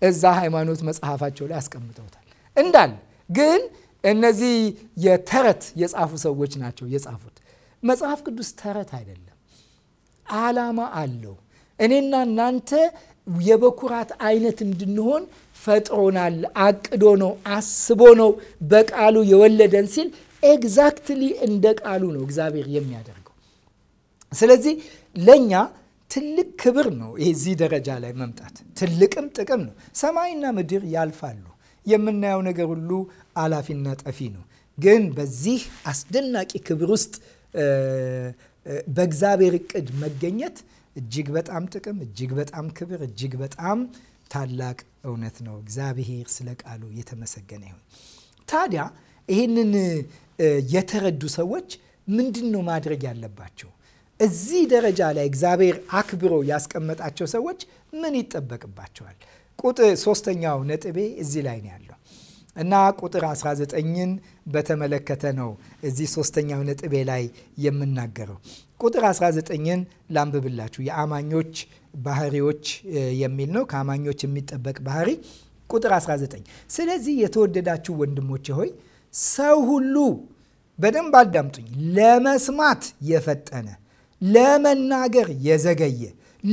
እዛ ሃይማኖት መጽሐፋቸው ላይ አስቀምጠውታል። እንዳለ ግን እነዚህ የተረት የጻፉ ሰዎች ናቸው የጻፉት። መጽሐፍ ቅዱስ ተረት አይደለም፣ አላማ አለው። እኔና እናንተ የበኩራት አይነት እንድንሆን ፈጥሮናል፣ አቅዶ ነው፣ አስቦ ነው በቃሉ የወለደን ሲል ኤግዛክትሊ እንደ ቃሉ ነው እግዚአብሔር የሚያደርገው። ስለዚህ ለእኛ ትልቅ ክብር ነው የዚህ ደረጃ ላይ መምጣት፣ ትልቅም ጥቅም ነው። ሰማይና ምድር ያልፋሉ፣ የምናየው ነገር ሁሉ አላፊና ጠፊ ነው። ግን በዚህ አስደናቂ ክብር ውስጥ በእግዚአብሔር እቅድ መገኘት እጅግ በጣም ጥቅም፣ እጅግ በጣም ክብር፣ እጅግ በጣም ታላቅ እውነት ነው። እግዚአብሔር ስለ ቃሉ የተመሰገነ ይሁን። ታዲያ ይህንን የተረዱ ሰዎች ምንድን ነው ማድረግ ያለባቸው? እዚህ ደረጃ ላይ እግዚአብሔር አክብሮ ያስቀመጣቸው ሰዎች ምን ይጠበቅባቸዋል? ቁጥር ሶስተኛው ነጥቤ እዚህ ላይ ነው ያለው እና ቁጥር 19ን በተመለከተ ነው እዚህ ሶስተኛው ነጥቤ ላይ የምናገረው። ቁጥር 19ን ላንብብላችሁ የአማኞች ባህሪዎች የሚል ነው። ከአማኞች የሚጠበቅ ባህሪ ቁጥር 19 ስለዚህ የተወደዳችሁ ወንድሞቼ ሆይ ሰው ሁሉ በደንብ አዳምጡኝ፣ ለመስማት የፈጠነ ለመናገር የዘገየ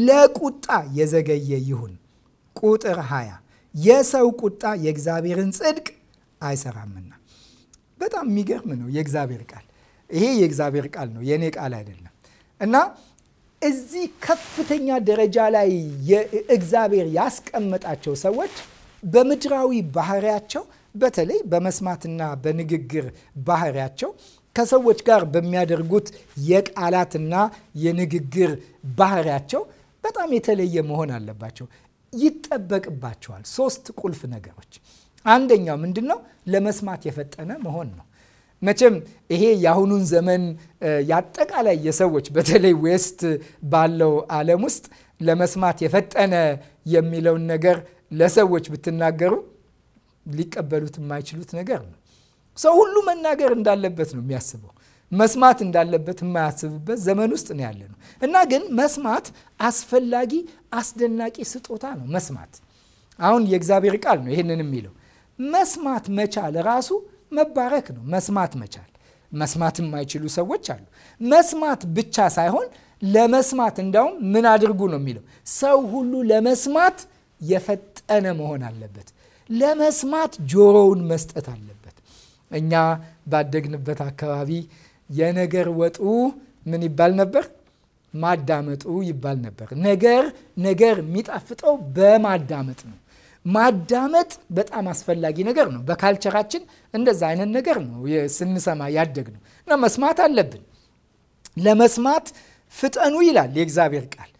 ለቁጣ የዘገየ ይሁን። ቁጥር 20 የሰው ቁጣ የእግዚአብሔርን ጽድቅ አይሰራምና። በጣም የሚገርም ነው የእግዚአብሔር ቃል። ይሄ የእግዚአብሔር ቃል ነው፣ የእኔ ቃል አይደለም። እና እዚህ ከፍተኛ ደረጃ ላይ እግዚአብሔር ያስቀመጣቸው ሰዎች በምድራዊ ባህሪያቸው በተለይ በመስማትና በንግግር ባህሪያቸው ከሰዎች ጋር በሚያደርጉት የቃላትና የንግግር ባህሪያቸው በጣም የተለየ መሆን አለባቸው። ይጠበቅባቸዋል ሶስት ቁልፍ ነገሮች። አንደኛው ምንድን ነው? ለመስማት የፈጠነ መሆን ነው። መቼም ይሄ የአሁኑን ዘመን የአጠቃላይ የሰዎች በተለይ ዌስት ባለው ዓለም ውስጥ ለመስማት የፈጠነ የሚለውን ነገር ለሰዎች ብትናገሩ ሊቀበሉት የማይችሉት ነገር ነው። ሰው ሁሉ መናገር እንዳለበት ነው የሚያስበው። መስማት እንዳለበት የማያስብበት ዘመን ውስጥ ነው ያለ ነው እና ግን መስማት አስፈላጊ አስደናቂ ስጦታ ነው። መስማት አሁን የእግዚአብሔር ቃል ነው ይህንን የሚለው መስማት መቻል ራሱ መባረክ ነው መስማት መቻል። መስማት የማይችሉ ሰዎች አሉ። መስማት ብቻ ሳይሆን ለመስማት እንዳውም ምን አድርጉ ነው የሚለው። ሰው ሁሉ ለመስማት የፈጠነ መሆን አለበት። ለመስማት ጆሮውን መስጠት አለበት። እኛ ባደግንበት አካባቢ የነገር ወጡ ምን ይባል ነበር? ማዳመጡ ይባል ነበር። ነገር ነገር የሚጣፍጠው በማዳመጥ ነው። ማዳመጥ በጣም አስፈላጊ ነገር ነው። በካልቸራችን እንደዛ አይነት ነገር ነው ስንሰማ ያደግ ነው እና መስማት አለብን። ለመስማት ፍጠኑ ይላል የእግዚአብሔር ቃል።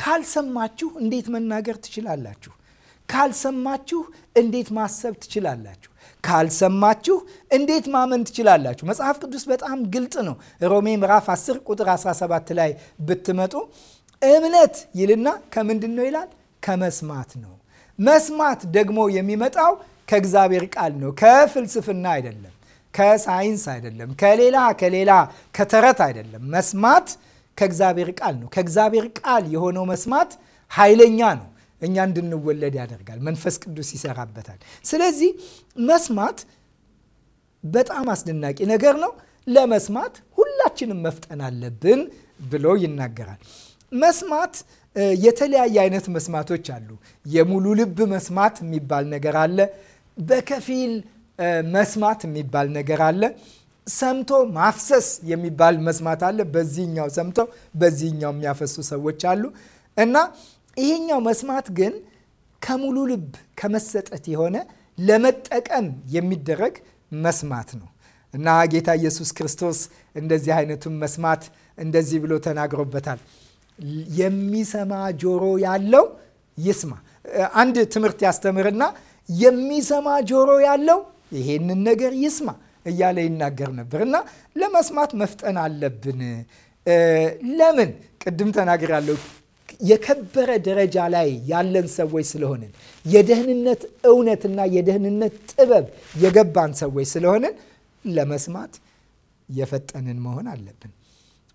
ካልሰማችሁ እንዴት መናገር ትችላላችሁ? ካልሰማችሁ እንዴት ማሰብ ትችላላችሁ? ካልሰማችሁ እንዴት ማመን ትችላላችሁ? መጽሐፍ ቅዱስ በጣም ግልጥ ነው። ሮሜ ምዕራፍ 10 ቁጥር 17 ላይ ብትመጡ እምነት ይልና ከምንድን ነው ይላል? ከመስማት ነው መስማት ደግሞ የሚመጣው ከእግዚአብሔር ቃል ነው። ከፍልስፍና አይደለም፣ ከሳይንስ አይደለም፣ ከሌላ ከሌላ ከተረት አይደለም። መስማት ከእግዚአብሔር ቃል ነው። ከእግዚአብሔር ቃል የሆነው መስማት ኃይለኛ ነው። እኛ እንድንወለድ ያደርጋል። መንፈስ ቅዱስ ይሰራበታል። ስለዚህ መስማት በጣም አስደናቂ ነገር ነው። ለመስማት ሁላችንም መፍጠን አለብን ብሎ ይናገራል። መስማት የተለያየ አይነት መስማቶች አሉ። የሙሉ ልብ መስማት የሚባል ነገር አለ። በከፊል መስማት የሚባል ነገር አለ። ሰምቶ ማፍሰስ የሚባል መስማት አለ። በዚህኛው ሰምቶ በዚህኛው የሚያፈሱ ሰዎች አሉ እና ይሄኛው መስማት ግን ከሙሉ ልብ ከመሰጠት የሆነ ለመጠቀም የሚደረግ መስማት ነው እና ጌታ ኢየሱስ ክርስቶስ እንደዚህ አይነቱን መስማት እንደዚህ ብሎ ተናግሮበታል። የሚሰማ ጆሮ ያለው ይስማ። አንድ ትምህርት ያስተምርና የሚሰማ ጆሮ ያለው ይሄንን ነገር ይስማ እያለ ይናገር ነበር እና ለመስማት መፍጠን አለብን። ለምን? ቅድም ያለው የከበረ ደረጃ ላይ ያለን ሰዎች ስለሆንን የደህንነት እውነትና የደህንነት ጥበብ የገባን ሰዎች ስለሆንን ለመስማት የፈጠንን መሆን አለብን።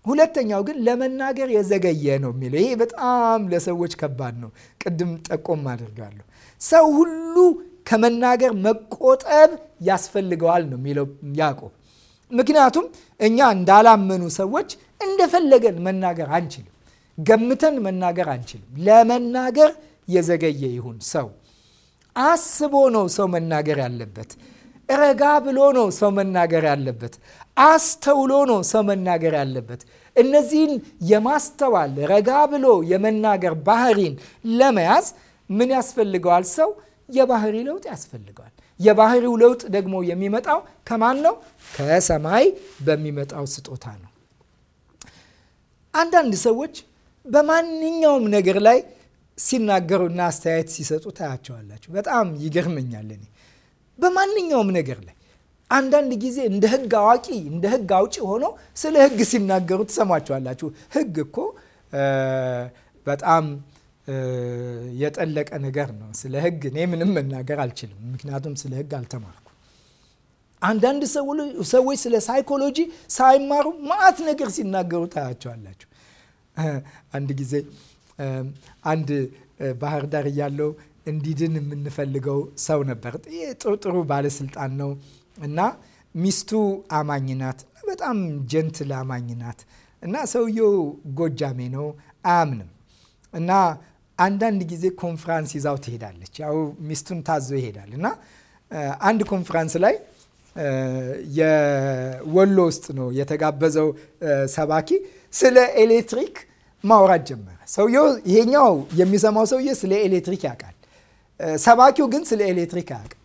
ሁለተኛው ግን ለመናገር የዘገየ ነው የሚለው። ይሄ በጣም ለሰዎች ከባድ ነው። ቅድም ጠቆም አድርጋለሁ። ሰው ሁሉ ከመናገር መቆጠብ ያስፈልገዋል ነው የሚለው ያዕቆብ። ምክንያቱም እኛ እንዳላመኑ ሰዎች እንደፈለገን መናገር አንችልም፣ ገምተን መናገር አንችልም። ለመናገር የዘገየ ይሁን ሰው አስቦ ነው ሰው መናገር ያለበት። ረጋ ብሎ ነው ሰው መናገር ያለበት። አስተውሎ ነው ሰው መናገር ያለበት። እነዚህን የማስተዋል ረጋ ብሎ የመናገር ባህሪን ለመያዝ ምን ያስፈልገዋል? ሰው የባህሪ ለውጥ ያስፈልገዋል። የባህሪው ለውጥ ደግሞ የሚመጣው ከማን ነው? ከሰማይ በሚመጣው ስጦታ ነው። አንዳንድ ሰዎች በማንኛውም ነገር ላይ ሲናገሩና አስተያየት ሲሰጡ ታያቸዋላችሁ። በጣም ይገርመኛል። እኔ በማንኛውም ነገር ላይ አንዳንድ ጊዜ እንደ ህግ አዋቂ እንደ ህግ አውጪ ሆነው ስለ ህግ ሲናገሩ ትሰማቸዋላችሁ። ህግ እኮ በጣም የጠለቀ ነገር ነው። ስለ ህግ እኔ ምንም መናገር አልችልም፣ ምክንያቱም ስለ ህግ አልተማርኩም። አንዳንድ ሰዎች ስለ ሳይኮሎጂ ሳይማሩ ማአት ነገር ሲናገሩ ታያቸዋላችሁ። አንድ ጊዜ አንድ ባህር ዳር እያለው እንዲድን የምንፈልገው ሰው ነበር። ጥሩ ጥሩ ባለስልጣን ነው እና ሚስቱ አማኝ ናት። በጣም ጀንትል አማኝ ናት። እና ሰውየው ጎጃሜ ነው፣ አያምንም። እና አንዳንድ ጊዜ ኮንፍራንስ ይዛው ትሄዳለች። ያው ሚስቱን ታዞ ይሄዳል። እና አንድ ኮንፍራንስ ላይ የወሎ ውስጥ ነው የተጋበዘው ሰባኪ ስለ ኤሌክትሪክ ማውራት ጀመረ። ሰውየው ይሄኛው የሚሰማው ሰውዬ ስለ ኤሌክትሪክ ያውቃል፣ ሰባኪው ግን ስለ ኤሌክትሪክ አያውቅም።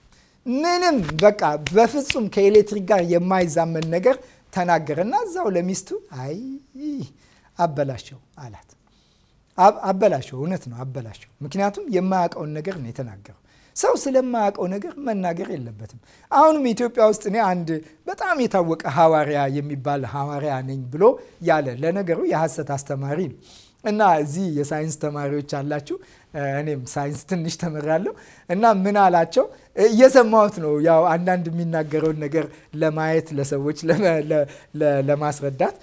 ምንም በቃ በፍጹም ከኤሌክትሪክ ጋር የማይዛመን ነገር ተናገረና እዛው ለሚስቱ አይ አበላሸው አላት። አበላሸው፣ እውነት ነው አበላሸው። ምክንያቱም የማያውቀውን ነገር ነው የተናገረው። ሰው ስለማያውቀው ነገር መናገር የለበትም። አሁንም ኢትዮጵያ ውስጥ እኔ አንድ በጣም የታወቀ ሐዋርያ የሚባል ሐዋርያ ነኝ ብሎ ያለ ለነገሩ የሐሰት አስተማሪ ነው እና እዚህ የሳይንስ ተማሪዎች አላችሁ እኔም ሳይንስ ትንሽ ተምሬያለሁ እና ምን አላቸው እየሰማሁት ነው። ያው አንዳንድ የሚናገረውን ነገር ለማየት ለሰዎች ለማስረዳት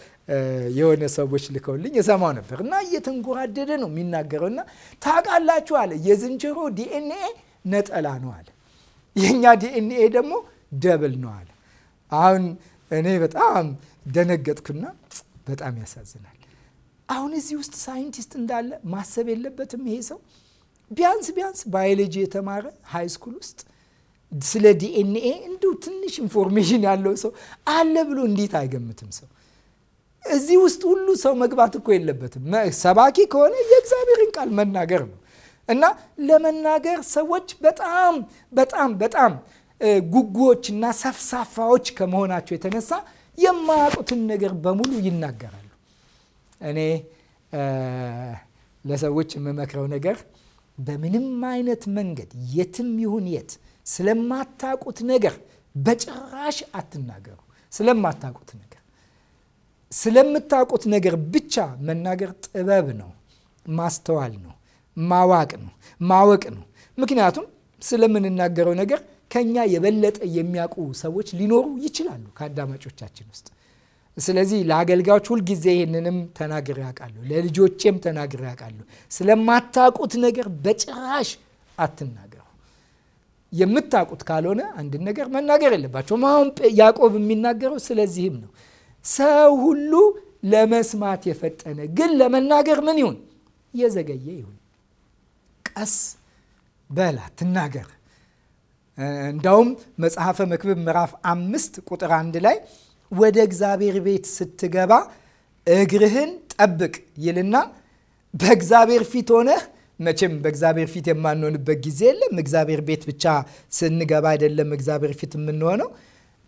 የሆነ ሰዎች ልከውልኝ የሰማው ነበር እና እየተንጎራደደ ነው የሚናገረው እና ታውቃላችሁ አለ የዝንጀሮ ዲኤንኤ ነጠላ ነው አለ። የእኛ ዲኤንኤ ደግሞ ደብል ነው አለ። አሁን እኔ በጣም ደነገጥኩና በጣም ያሳዝናል አሁን እዚህ ውስጥ ሳይንቲስት እንዳለ ማሰብ የለበትም ይሄ ሰው። ቢያንስ ቢያንስ ባዮሎጂ የተማረ ሃይ ስኩል ውስጥ ስለ ዲኤንኤ እንዲሁ ትንሽ ኢንፎርሜሽን ያለው ሰው አለ ብሎ እንዴት አይገምትም ሰው? እዚህ ውስጥ ሁሉ ሰው መግባት እኮ የለበትም። ሰባኪ ከሆነ የእግዚአብሔርን ቃል መናገር ነው እና ለመናገር ሰዎች በጣም በጣም በጣም ጉጉዎችና ሰፍሳፋዎች ከመሆናቸው የተነሳ የማያውቁትን ነገር በሙሉ ይናገራል። እኔ ለሰዎች የምመክረው ነገር በምንም አይነት መንገድ የትም ይሁን የት ስለማታቁት ነገር በጭራሽ አትናገሩ። ስለማታቁት ነገር ስለምታቁት ነገር ብቻ መናገር ጥበብ ነው፣ ማስተዋል ነው፣ ማዋቅ ነው፣ ማወቅ ነው። ምክንያቱም ስለምንናገረው ነገር ከኛ የበለጠ የሚያውቁ ሰዎች ሊኖሩ ይችላሉ ከአዳማጮቻችን ውስጥ ስለዚህ ለአገልጋዮች ሁልጊዜ ይህንንም ተናግሬ አውቃለሁ፣ ለልጆቼም ተናግሬ አውቃለሁ። ስለማታውቁት ነገር በጭራሽ አትናገሩ። የምታውቁት ካልሆነ አንድን ነገር መናገር የለባቸውም። አሁን ያዕቆብ የሚናገረው ስለዚህም ነው። ሰው ሁሉ ለመስማት የፈጠነ ግን ለመናገር ምን ይሁን የዘገየ ይሁን። ቀስ በላ ትናገር። እንዳውም መጽሐፈ መክብብ ምዕራፍ አምስት ቁጥር አንድ ላይ ወደ እግዚአብሔር ቤት ስትገባ እግርህን ጠብቅ ይልና በእግዚአብሔር ፊት ሆነህ መቼም በእግዚአብሔር ፊት የማንሆንበት ጊዜ የለም። እግዚአብሔር ቤት ብቻ ስንገባ አይደለም እግዚአብሔር ፊት የምንሆነው።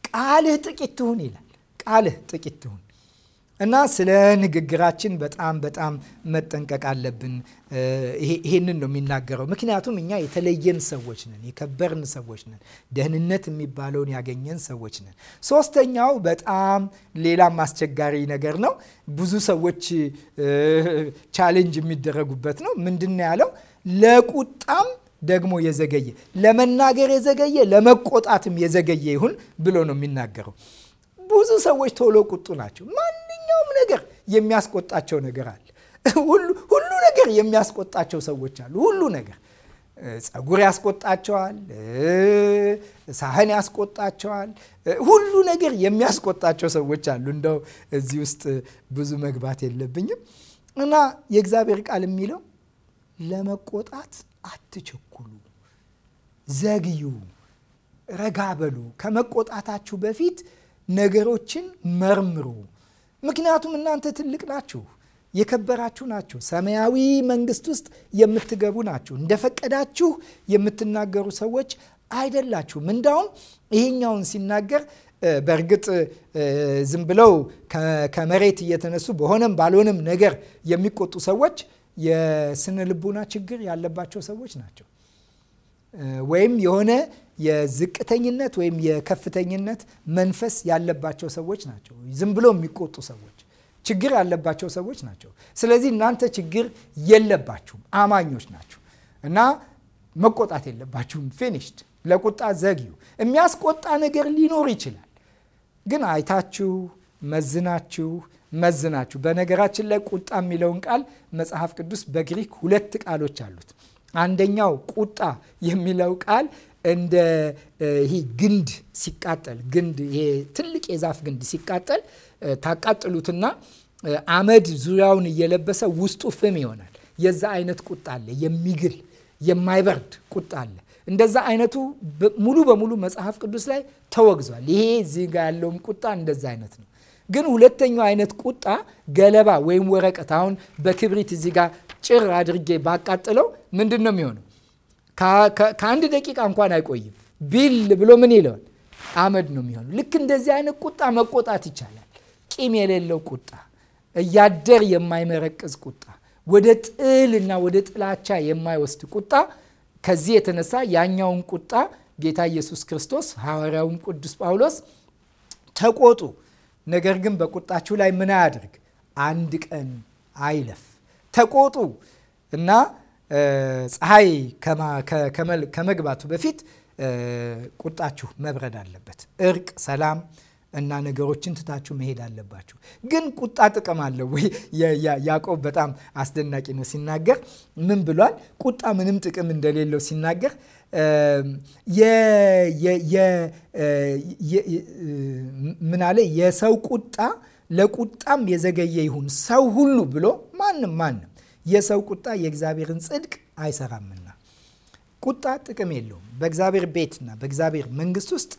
ቃልህ ጥቂት ትሁን ይላል። ቃልህ ጥቂት ትሁን እና ስለ ንግግራችን በጣም በጣም መጠንቀቅ አለብን። ይሄንን ነው የሚናገረው። ምክንያቱም እኛ የተለየን ሰዎች ነን፣ የከበርን ሰዎች ነን፣ ደህንነት የሚባለውን ያገኘን ሰዎች ነን። ሶስተኛው በጣም ሌላም አስቸጋሪ ነገር ነው። ብዙ ሰዎች ቻሌንጅ የሚደረጉበት ነው። ምንድነው ያለው? ለቁጣም ደግሞ የዘገየ ለመናገር የዘገየ ለመቆጣትም የዘገየ ይሁን ብሎ ነው የሚናገረው። ብዙ ሰዎች ቶሎ ቁጡ ናቸው። ማን ማንኛውም ነገር የሚያስቆጣቸው ነገር አለ። ሁሉ ነገር የሚያስቆጣቸው ሰዎች አሉ። ሁሉ ነገር ጸጉር ያስቆጣቸዋል፣ ሳህን ያስቆጣቸዋል። ሁሉ ነገር የሚያስቆጣቸው ሰዎች አሉ። እንደው እዚህ ውስጥ ብዙ መግባት የለብኝም እና የእግዚአብሔር ቃል የሚለው ለመቆጣት አትቸኩሉ፣ ዘግዩ፣ ረጋ በሉ። ከመቆጣታችሁ በፊት ነገሮችን መርምሩ፣ ምክንያቱም እናንተ ትልቅ ናችሁ፣ የከበራችሁ ናችሁ፣ ሰማያዊ መንግስት ውስጥ የምትገቡ ናችሁ። እንደፈቀዳችሁ የምትናገሩ ሰዎች አይደላችሁም። እንዳውም ይሄኛውን ሲናገር በእርግጥ ዝም ብለው ከመሬት እየተነሱ በሆነም ባልሆነም ነገር የሚቆጡ ሰዎች የስነ ልቡና ችግር ያለባቸው ሰዎች ናቸው። ወይም የሆነ የዝቅተኝነት ወይም የከፍተኝነት መንፈስ ያለባቸው ሰዎች ናቸው። ዝም ብሎ የሚቆጡ ሰዎች፣ ችግር ያለባቸው ሰዎች ናቸው። ስለዚህ እናንተ ችግር የለባችሁም፣ አማኞች ናችሁ እና መቆጣት የለባችሁም። ፊኒሽድ። ለቁጣ ዘግዩ። የሚያስቆጣ ነገር ሊኖር ይችላል፣ ግን አይታችሁ መዝናችሁ መዝናችሁ። በነገራችን ላይ ቁጣ የሚለውን ቃል መጽሐፍ ቅዱስ በግሪክ ሁለት ቃሎች አሉት። አንደኛው ቁጣ የሚለው ቃል እንደ ይህ ግንድ ሲቃጠል ግንድ ይሄ ትልቅ የዛፍ ግንድ ሲቃጠል ታቃጥሉትና አመድ ዙሪያውን እየለበሰ ውስጡ ፍም ይሆናል። የዛ አይነት ቁጣ አለ፣ የሚግል የማይበርድ ቁጣ አለ። እንደዛ አይነቱ ሙሉ በሙሉ መጽሐፍ ቅዱስ ላይ ተወግዟል። ይሄ እዚህ ጋ ያለውም ቁጣ እንደዛ አይነት ነው። ግን ሁለተኛው አይነት ቁጣ ገለባ ወይም ወረቀት፣ አሁን በክብሪት እዚህ ጋር ጭር አድርጌ ባቃጥለው ምንድን ነው የሚሆነው? ከአንድ ደቂቃ እንኳን አይቆይም። ቢል ብሎ ምን ይለዋል? አመድ ነው የሚሆነው። ልክ እንደዚህ አይነት ቁጣ መቆጣት ይቻላል። ቂም የሌለው ቁጣ፣ እያደር የማይመረቅዝ ቁጣ፣ ወደ ጥል እና ወደ ጥላቻ የማይወስድ ቁጣ። ከዚህ የተነሳ ያኛውን ቁጣ ጌታ ኢየሱስ ክርስቶስ ሐዋርያውን ቅዱስ ጳውሎስ ተቆጡ፣ ነገር ግን በቁጣችሁ ላይ ምን አያድርግ፣ አንድ ቀን አይለፍ። ተቆጡ እና ፀሐይ ከመግባቱ በፊት ቁጣችሁ መብረድ አለበት። እርቅ፣ ሰላም እና ነገሮችን ትታችሁ መሄድ አለባችሁ። ግን ቁጣ ጥቅም አለው ወይ? ያዕቆብ በጣም አስደናቂ ነው ሲናገር ምን ብሏል? ቁጣ ምንም ጥቅም እንደሌለው ሲናገር ምን አለ? የሰው ቁጣ ለቁጣም የዘገየ ይሁን ሰው ሁሉ ብሎ ማንም ማንም የሰው ቁጣ የእግዚአብሔርን ጽድቅ አይሰራምና። ቁጣ ጥቅም የለውም። በእግዚአብሔር ቤትና በእግዚአብሔር መንግስት ውስጥ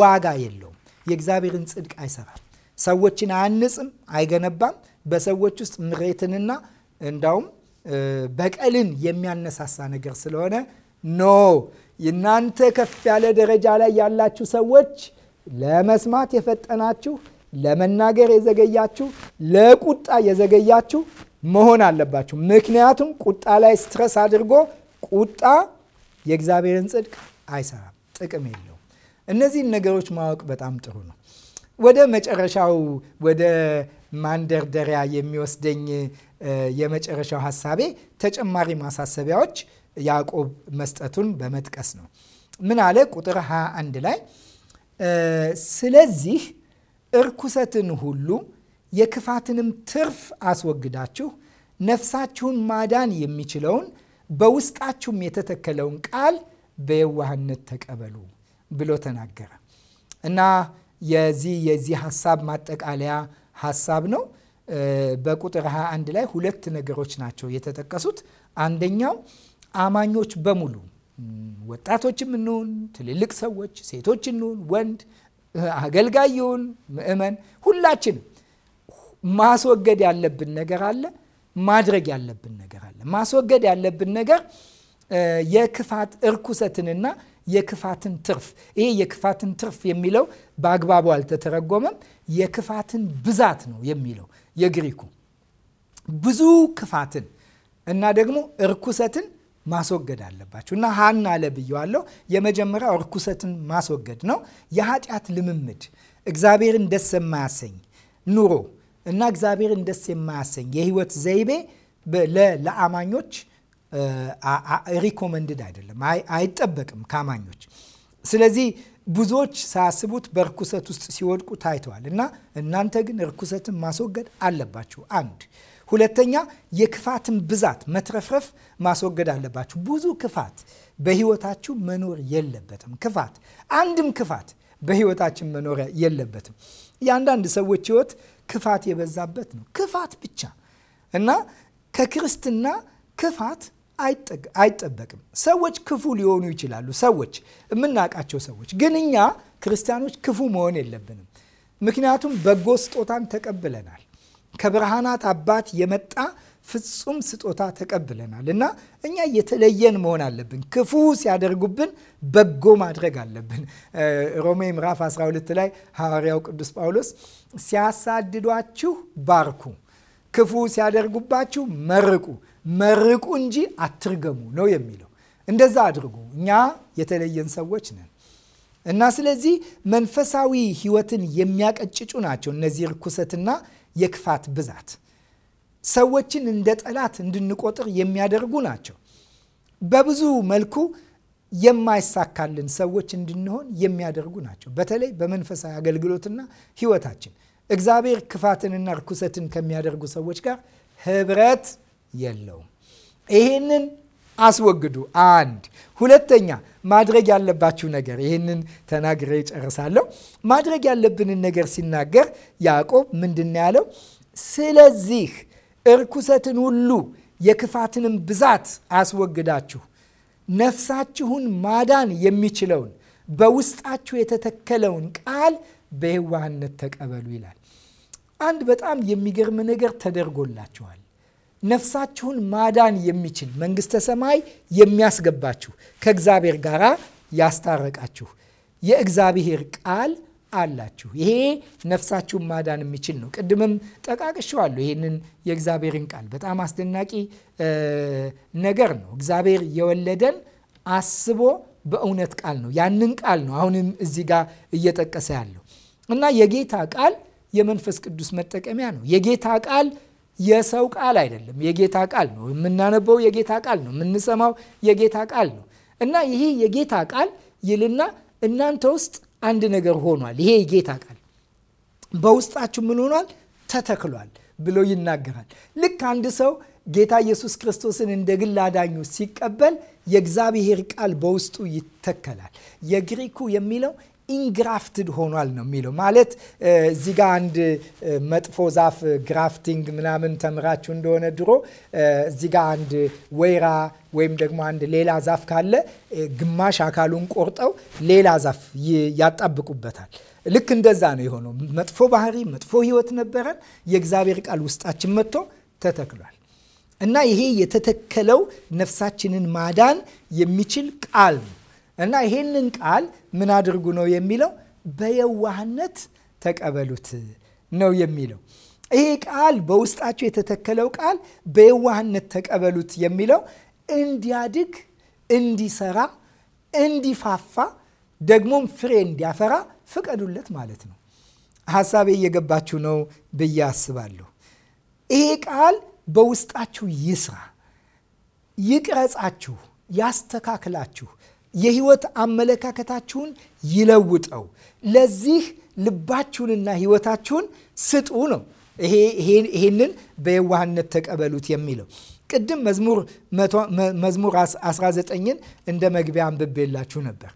ዋጋ የለውም። የእግዚአብሔርን ጽድቅ አይሰራም። ሰዎችን አያንጽም፣ አይገነባም። በሰዎች ውስጥ ምሬትንና እንዳውም በቀልን የሚያነሳሳ ነገር ስለሆነ ኖ እናንተ ከፍ ያለ ደረጃ ላይ ያላችሁ ሰዎች ለመስማት የፈጠናችሁ፣ ለመናገር የዘገያችሁ፣ ለቁጣ የዘገያችሁ መሆን አለባችሁ። ምክንያቱም ቁጣ ላይ ስትረስ አድርጎ ቁጣ የእግዚአብሔርን ጽድቅ አይሰራም፣ ጥቅም የለውም። እነዚህን ነገሮች ማወቅ በጣም ጥሩ ነው። ወደ መጨረሻው ወደ ማንደርደሪያ የሚወስደኝ የመጨረሻው ሀሳቤ ተጨማሪ ማሳሰቢያዎች ያዕቆብ መስጠቱን በመጥቀስ ነው። ምን አለ? ቁጥር 21 ላይ ስለዚህ እርኩሰትን ሁሉ የክፋትንም ትርፍ አስወግዳችሁ ነፍሳችሁን ማዳን የሚችለውን በውስጣችሁም የተተከለውን ቃል በየዋህነት ተቀበሉ ብሎ ተናገረ እና የዚህ የዚህ ሀሳብ ማጠቃለያ ሀሳብ ነው። በቁጥር 21 ላይ ሁለት ነገሮች ናቸው የተጠቀሱት። አንደኛው አማኞች በሙሉ ወጣቶችም እንሁን ትልልቅ ሰዎች፣ ሴቶች እንሁን ወንድ፣ አገልጋይ ይሁን ምእመን፣ ሁላችንም ማስወገድ ያለብን ነገር አለ፣ ማድረግ ያለብን ነገር አለ። ማስወገድ ያለብን ነገር የክፋት እርኩሰትንና የክፋትን ትርፍ ይሄ የክፋትን ትርፍ የሚለው በአግባቡ አልተተረጎመም። የክፋትን ብዛት ነው የሚለው የግሪኩ ብዙ ክፋትን እና ደግሞ እርኩሰትን ማስወገድ አለባቸው እና ሀና ለብየዋለሁ። የመጀመሪያው እርኩሰትን ማስወገድ ነው። የኃጢአት ልምምድ፣ እግዚአብሔርን ደስ የማያሰኝ ኑሮ እና እግዚአብሔርን ደስ የማያሰኝ የህይወት ዘይቤ ለአማኞች ሪኮመንድድ አይደለም፣ አይጠበቅም ከአማኞች። ስለዚህ ብዙዎች ሳያስቡት በርኩሰት ውስጥ ሲወድቁ ታይተዋል እና እናንተ ግን ርኩሰትን ማስወገድ አለባችሁ። አንድ ሁለተኛ፣ የክፋትን ብዛት መትረፍረፍ ማስወገድ አለባችሁ። ብዙ ክፋት በህይወታችሁ መኖር የለበትም። ክፋት አንድም ክፋት በህይወታችን መኖር የለበትም። የአንዳንድ ሰዎች ህይወት ክፋት የበዛበት ነው። ክፋት ብቻ እና ከክርስትና ክፋት አይጠበቅም። ሰዎች ክፉ ሊሆኑ ይችላሉ፣ ሰዎች የምናውቃቸው ሰዎች። ግን እኛ ክርስቲያኖች ክፉ መሆን የለብንም። ምክንያቱም በጎ ስጦታን ተቀብለናል። ከብርሃናት አባት የመጣ ፍጹም ስጦታ ተቀብለናል እና እኛ የተለየን መሆን አለብን። ክፉ ሲያደርጉብን በጎ ማድረግ አለብን። ሮሜ ምዕራፍ 12 ላይ ሐዋርያው ቅዱስ ጳውሎስ ሲያሳድዷችሁ ባርኩ፣ ክፉ ሲያደርጉባችሁ መርቁ፣ መርቁ እንጂ አትርገሙ ነው የሚለው። እንደዛ አድርጉ። እኛ የተለየን ሰዎች ነን እና ስለዚህ መንፈሳዊ ሕይወትን የሚያቀጭጩ ናቸው እነዚህ ርኩሰትና የክፋት ብዛት ሰዎችን እንደ ጠላት እንድንቆጥር የሚያደርጉ ናቸው። በብዙ መልኩ የማይሳካልን ሰዎች እንድንሆን የሚያደርጉ ናቸው። በተለይ በመንፈሳዊ አገልግሎትና ሕይወታችን እግዚአብሔር ክፋትንና ርኩሰትን ከሚያደርጉ ሰዎች ጋር ህብረት የለውም። ይሄንን አስወግዱ። አንድ ሁለተኛ ማድረግ ያለባችሁ ነገር ይህንን ተናግሬ ጨርሳለሁ። ማድረግ ያለብንን ነገር ሲናገር ያዕቆብ ምንድን ያለው? ስለዚህ እርኩሰትን ሁሉ የክፋትንም ብዛት አስወግዳችሁ ነፍሳችሁን ማዳን የሚችለውን በውስጣችሁ የተተከለውን ቃል በየዋህነት ተቀበሉ ይላል። አንድ በጣም የሚገርም ነገር ተደርጎላችኋል። ነፍሳችሁን ማዳን የሚችል መንግስተ ሰማይ የሚያስገባችሁ ከእግዚአብሔር ጋር ያስታረቃችሁ የእግዚአብሔር ቃል አላችሁ። ይሄ ነፍሳችሁን ማዳን የሚችል ነው። ቅድምም ጠቃቅሸዋለሁ። ይህንን የእግዚአብሔርን ቃል በጣም አስደናቂ ነገር ነው። እግዚአብሔር የወለደን አስቦ በእውነት ቃል ነው። ያንን ቃል ነው አሁንም እዚህ ጋር እየጠቀሰ ያለው እና የጌታ ቃል የመንፈስ ቅዱስ መጠቀሚያ ነው። የጌታ ቃል የሰው ቃል አይደለም፣ የጌታ ቃል ነው። የምናነበው የጌታ ቃል ነው። የምንሰማው የጌታ ቃል ነው እና ይሄ የጌታ ቃል ይልና እናንተ ውስጥ አንድ ነገር ሆኗል። ይሄ የጌታ ቃል በውስጣችሁ ምን ሆኗል? ተተክሏል ብሎ ይናገራል። ልክ አንድ ሰው ጌታ ኢየሱስ ክርስቶስን እንደ ግል አዳኙ ሲቀበል የእግዚአብሔር ቃል በውስጡ ይተከላል። የግሪኩ የሚለው ኢንግራፍትድ ሆኗል ነው የሚለው። ማለት እዚህ ጋ አንድ መጥፎ ዛፍ ግራፍቲንግ ምናምን ተምራችሁ እንደሆነ ድሮ እዚህ ጋ አንድ ወይራ ወይም ደግሞ አንድ ሌላ ዛፍ ካለ ግማሽ አካሉን ቆርጠው ሌላ ዛፍ ያጣብቁበታል። ልክ እንደዛ ነው የሆነው። መጥፎ ባህሪ፣ መጥፎ ህይወት ነበረን። የእግዚአብሔር ቃል ውስጣችን መጥቶ ተተክሏል እና ይሄ የተተከለው ነፍሳችንን ማዳን የሚችል ቃል ነው እና ይሄንን ቃል ምን አድርጉ ነው የሚለው? በየዋህነት ተቀበሉት ነው የሚለው። ይሄ ቃል በውስጣቸው የተተከለው ቃል በየዋህነት ተቀበሉት የሚለው እንዲያድግ፣ እንዲሰራ፣ እንዲፋፋ ደግሞም ፍሬ እንዲያፈራ ፍቀዱለት ማለት ነው። ሀሳቤ እየገባችሁ ነው ብዬ አስባለሁ። ይሄ ቃል በውስጣችሁ ይስራ፣ ይቅረጻችሁ፣ ያስተካክላችሁ የህይወት አመለካከታችሁን ይለውጠው። ለዚህ ልባችሁንና ህይወታችሁን ስጡ ነው ይሄንን በየዋህነት ተቀበሉት የሚለው ቅድም መዝሙር 19ን እንደ መግቢያ አንብቤላችሁ ነበር።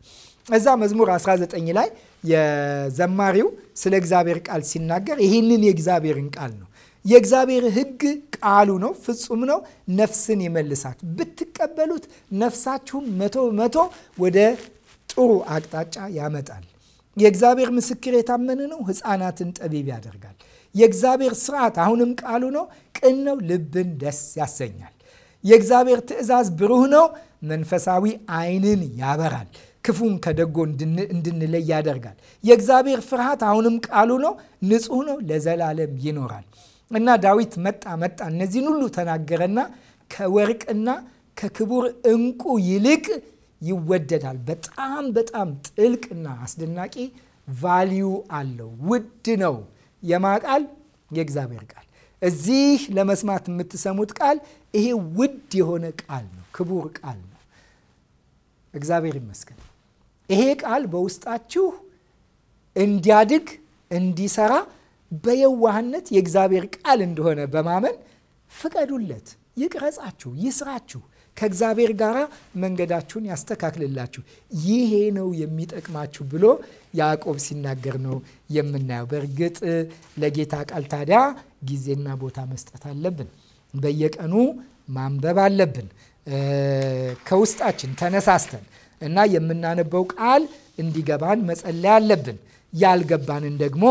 እዛ መዝሙር 19 ላይ የዘማሪው ስለ እግዚአብሔር ቃል ሲናገር ይህንን የእግዚአብሔርን ቃል ነው የእግዚአብሔር ሕግ ቃሉ ነው፣ ፍጹም ነው፣ ነፍስን ይመልሳል። ብትቀበሉት ነፍሳችሁም መቶ መቶ ወደ ጥሩ አቅጣጫ ያመጣል። የእግዚአብሔር ምስክር የታመነ ነው፣ ሕፃናትን ጠቢብ ያደርጋል። የእግዚአብሔር ስርዓት አሁንም ቃሉ ነው፣ ቅን ነው፣ ልብን ደስ ያሰኛል። የእግዚአብሔር ትእዛዝ ብሩህ ነው፣ መንፈሳዊ አይንን ያበራል። ክፉን ከደጎ እንድንለይ ያደርጋል። የእግዚአብሔር ፍርሃት አሁንም ቃሉ ነው፣ ንጹህ ነው፣ ለዘላለም ይኖራል። እና ዳዊት መጣ መጣ እነዚህን ሁሉ ተናገረና ከወርቅና ከክቡር እንቁ ይልቅ ይወደዳል። በጣም በጣም ጥልቅና አስደናቂ ቫሊዩ አለው። ውድ ነው። የማ ቃል የእግዚአብሔር ቃል። እዚህ ለመስማት የምትሰሙት ቃል ይሄ ውድ የሆነ ቃል ነው። ክቡር ቃል ነው። እግዚአብሔር ይመስገን። ይሄ ቃል በውስጣችሁ እንዲያድግ እንዲሰራ በየዋህነት የእግዚአብሔር ቃል እንደሆነ በማመን ፍቀዱለት። ይቅረጻችሁ፣ ይስራችሁ፣ ከእግዚአብሔር ጋር መንገዳችሁን ያስተካክልላችሁ። ይሄ ነው የሚጠቅማችሁ ብሎ ያዕቆብ ሲናገር ነው የምናየው። በእርግጥ ለጌታ ቃል ታዲያ ጊዜና ቦታ መስጠት አለብን። በየቀኑ ማንበብ አለብን ከውስጣችን ተነሳስተን እና የምናነበው ቃል እንዲገባን መጸለይ አለብን። ያልገባንን ደግሞ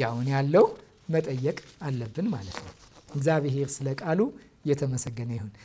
ያሁን ያለው መጠየቅ አለብን ማለት ነው። እግዚአብሔር ስለ ቃሉ የተመሰገነ ይሁን።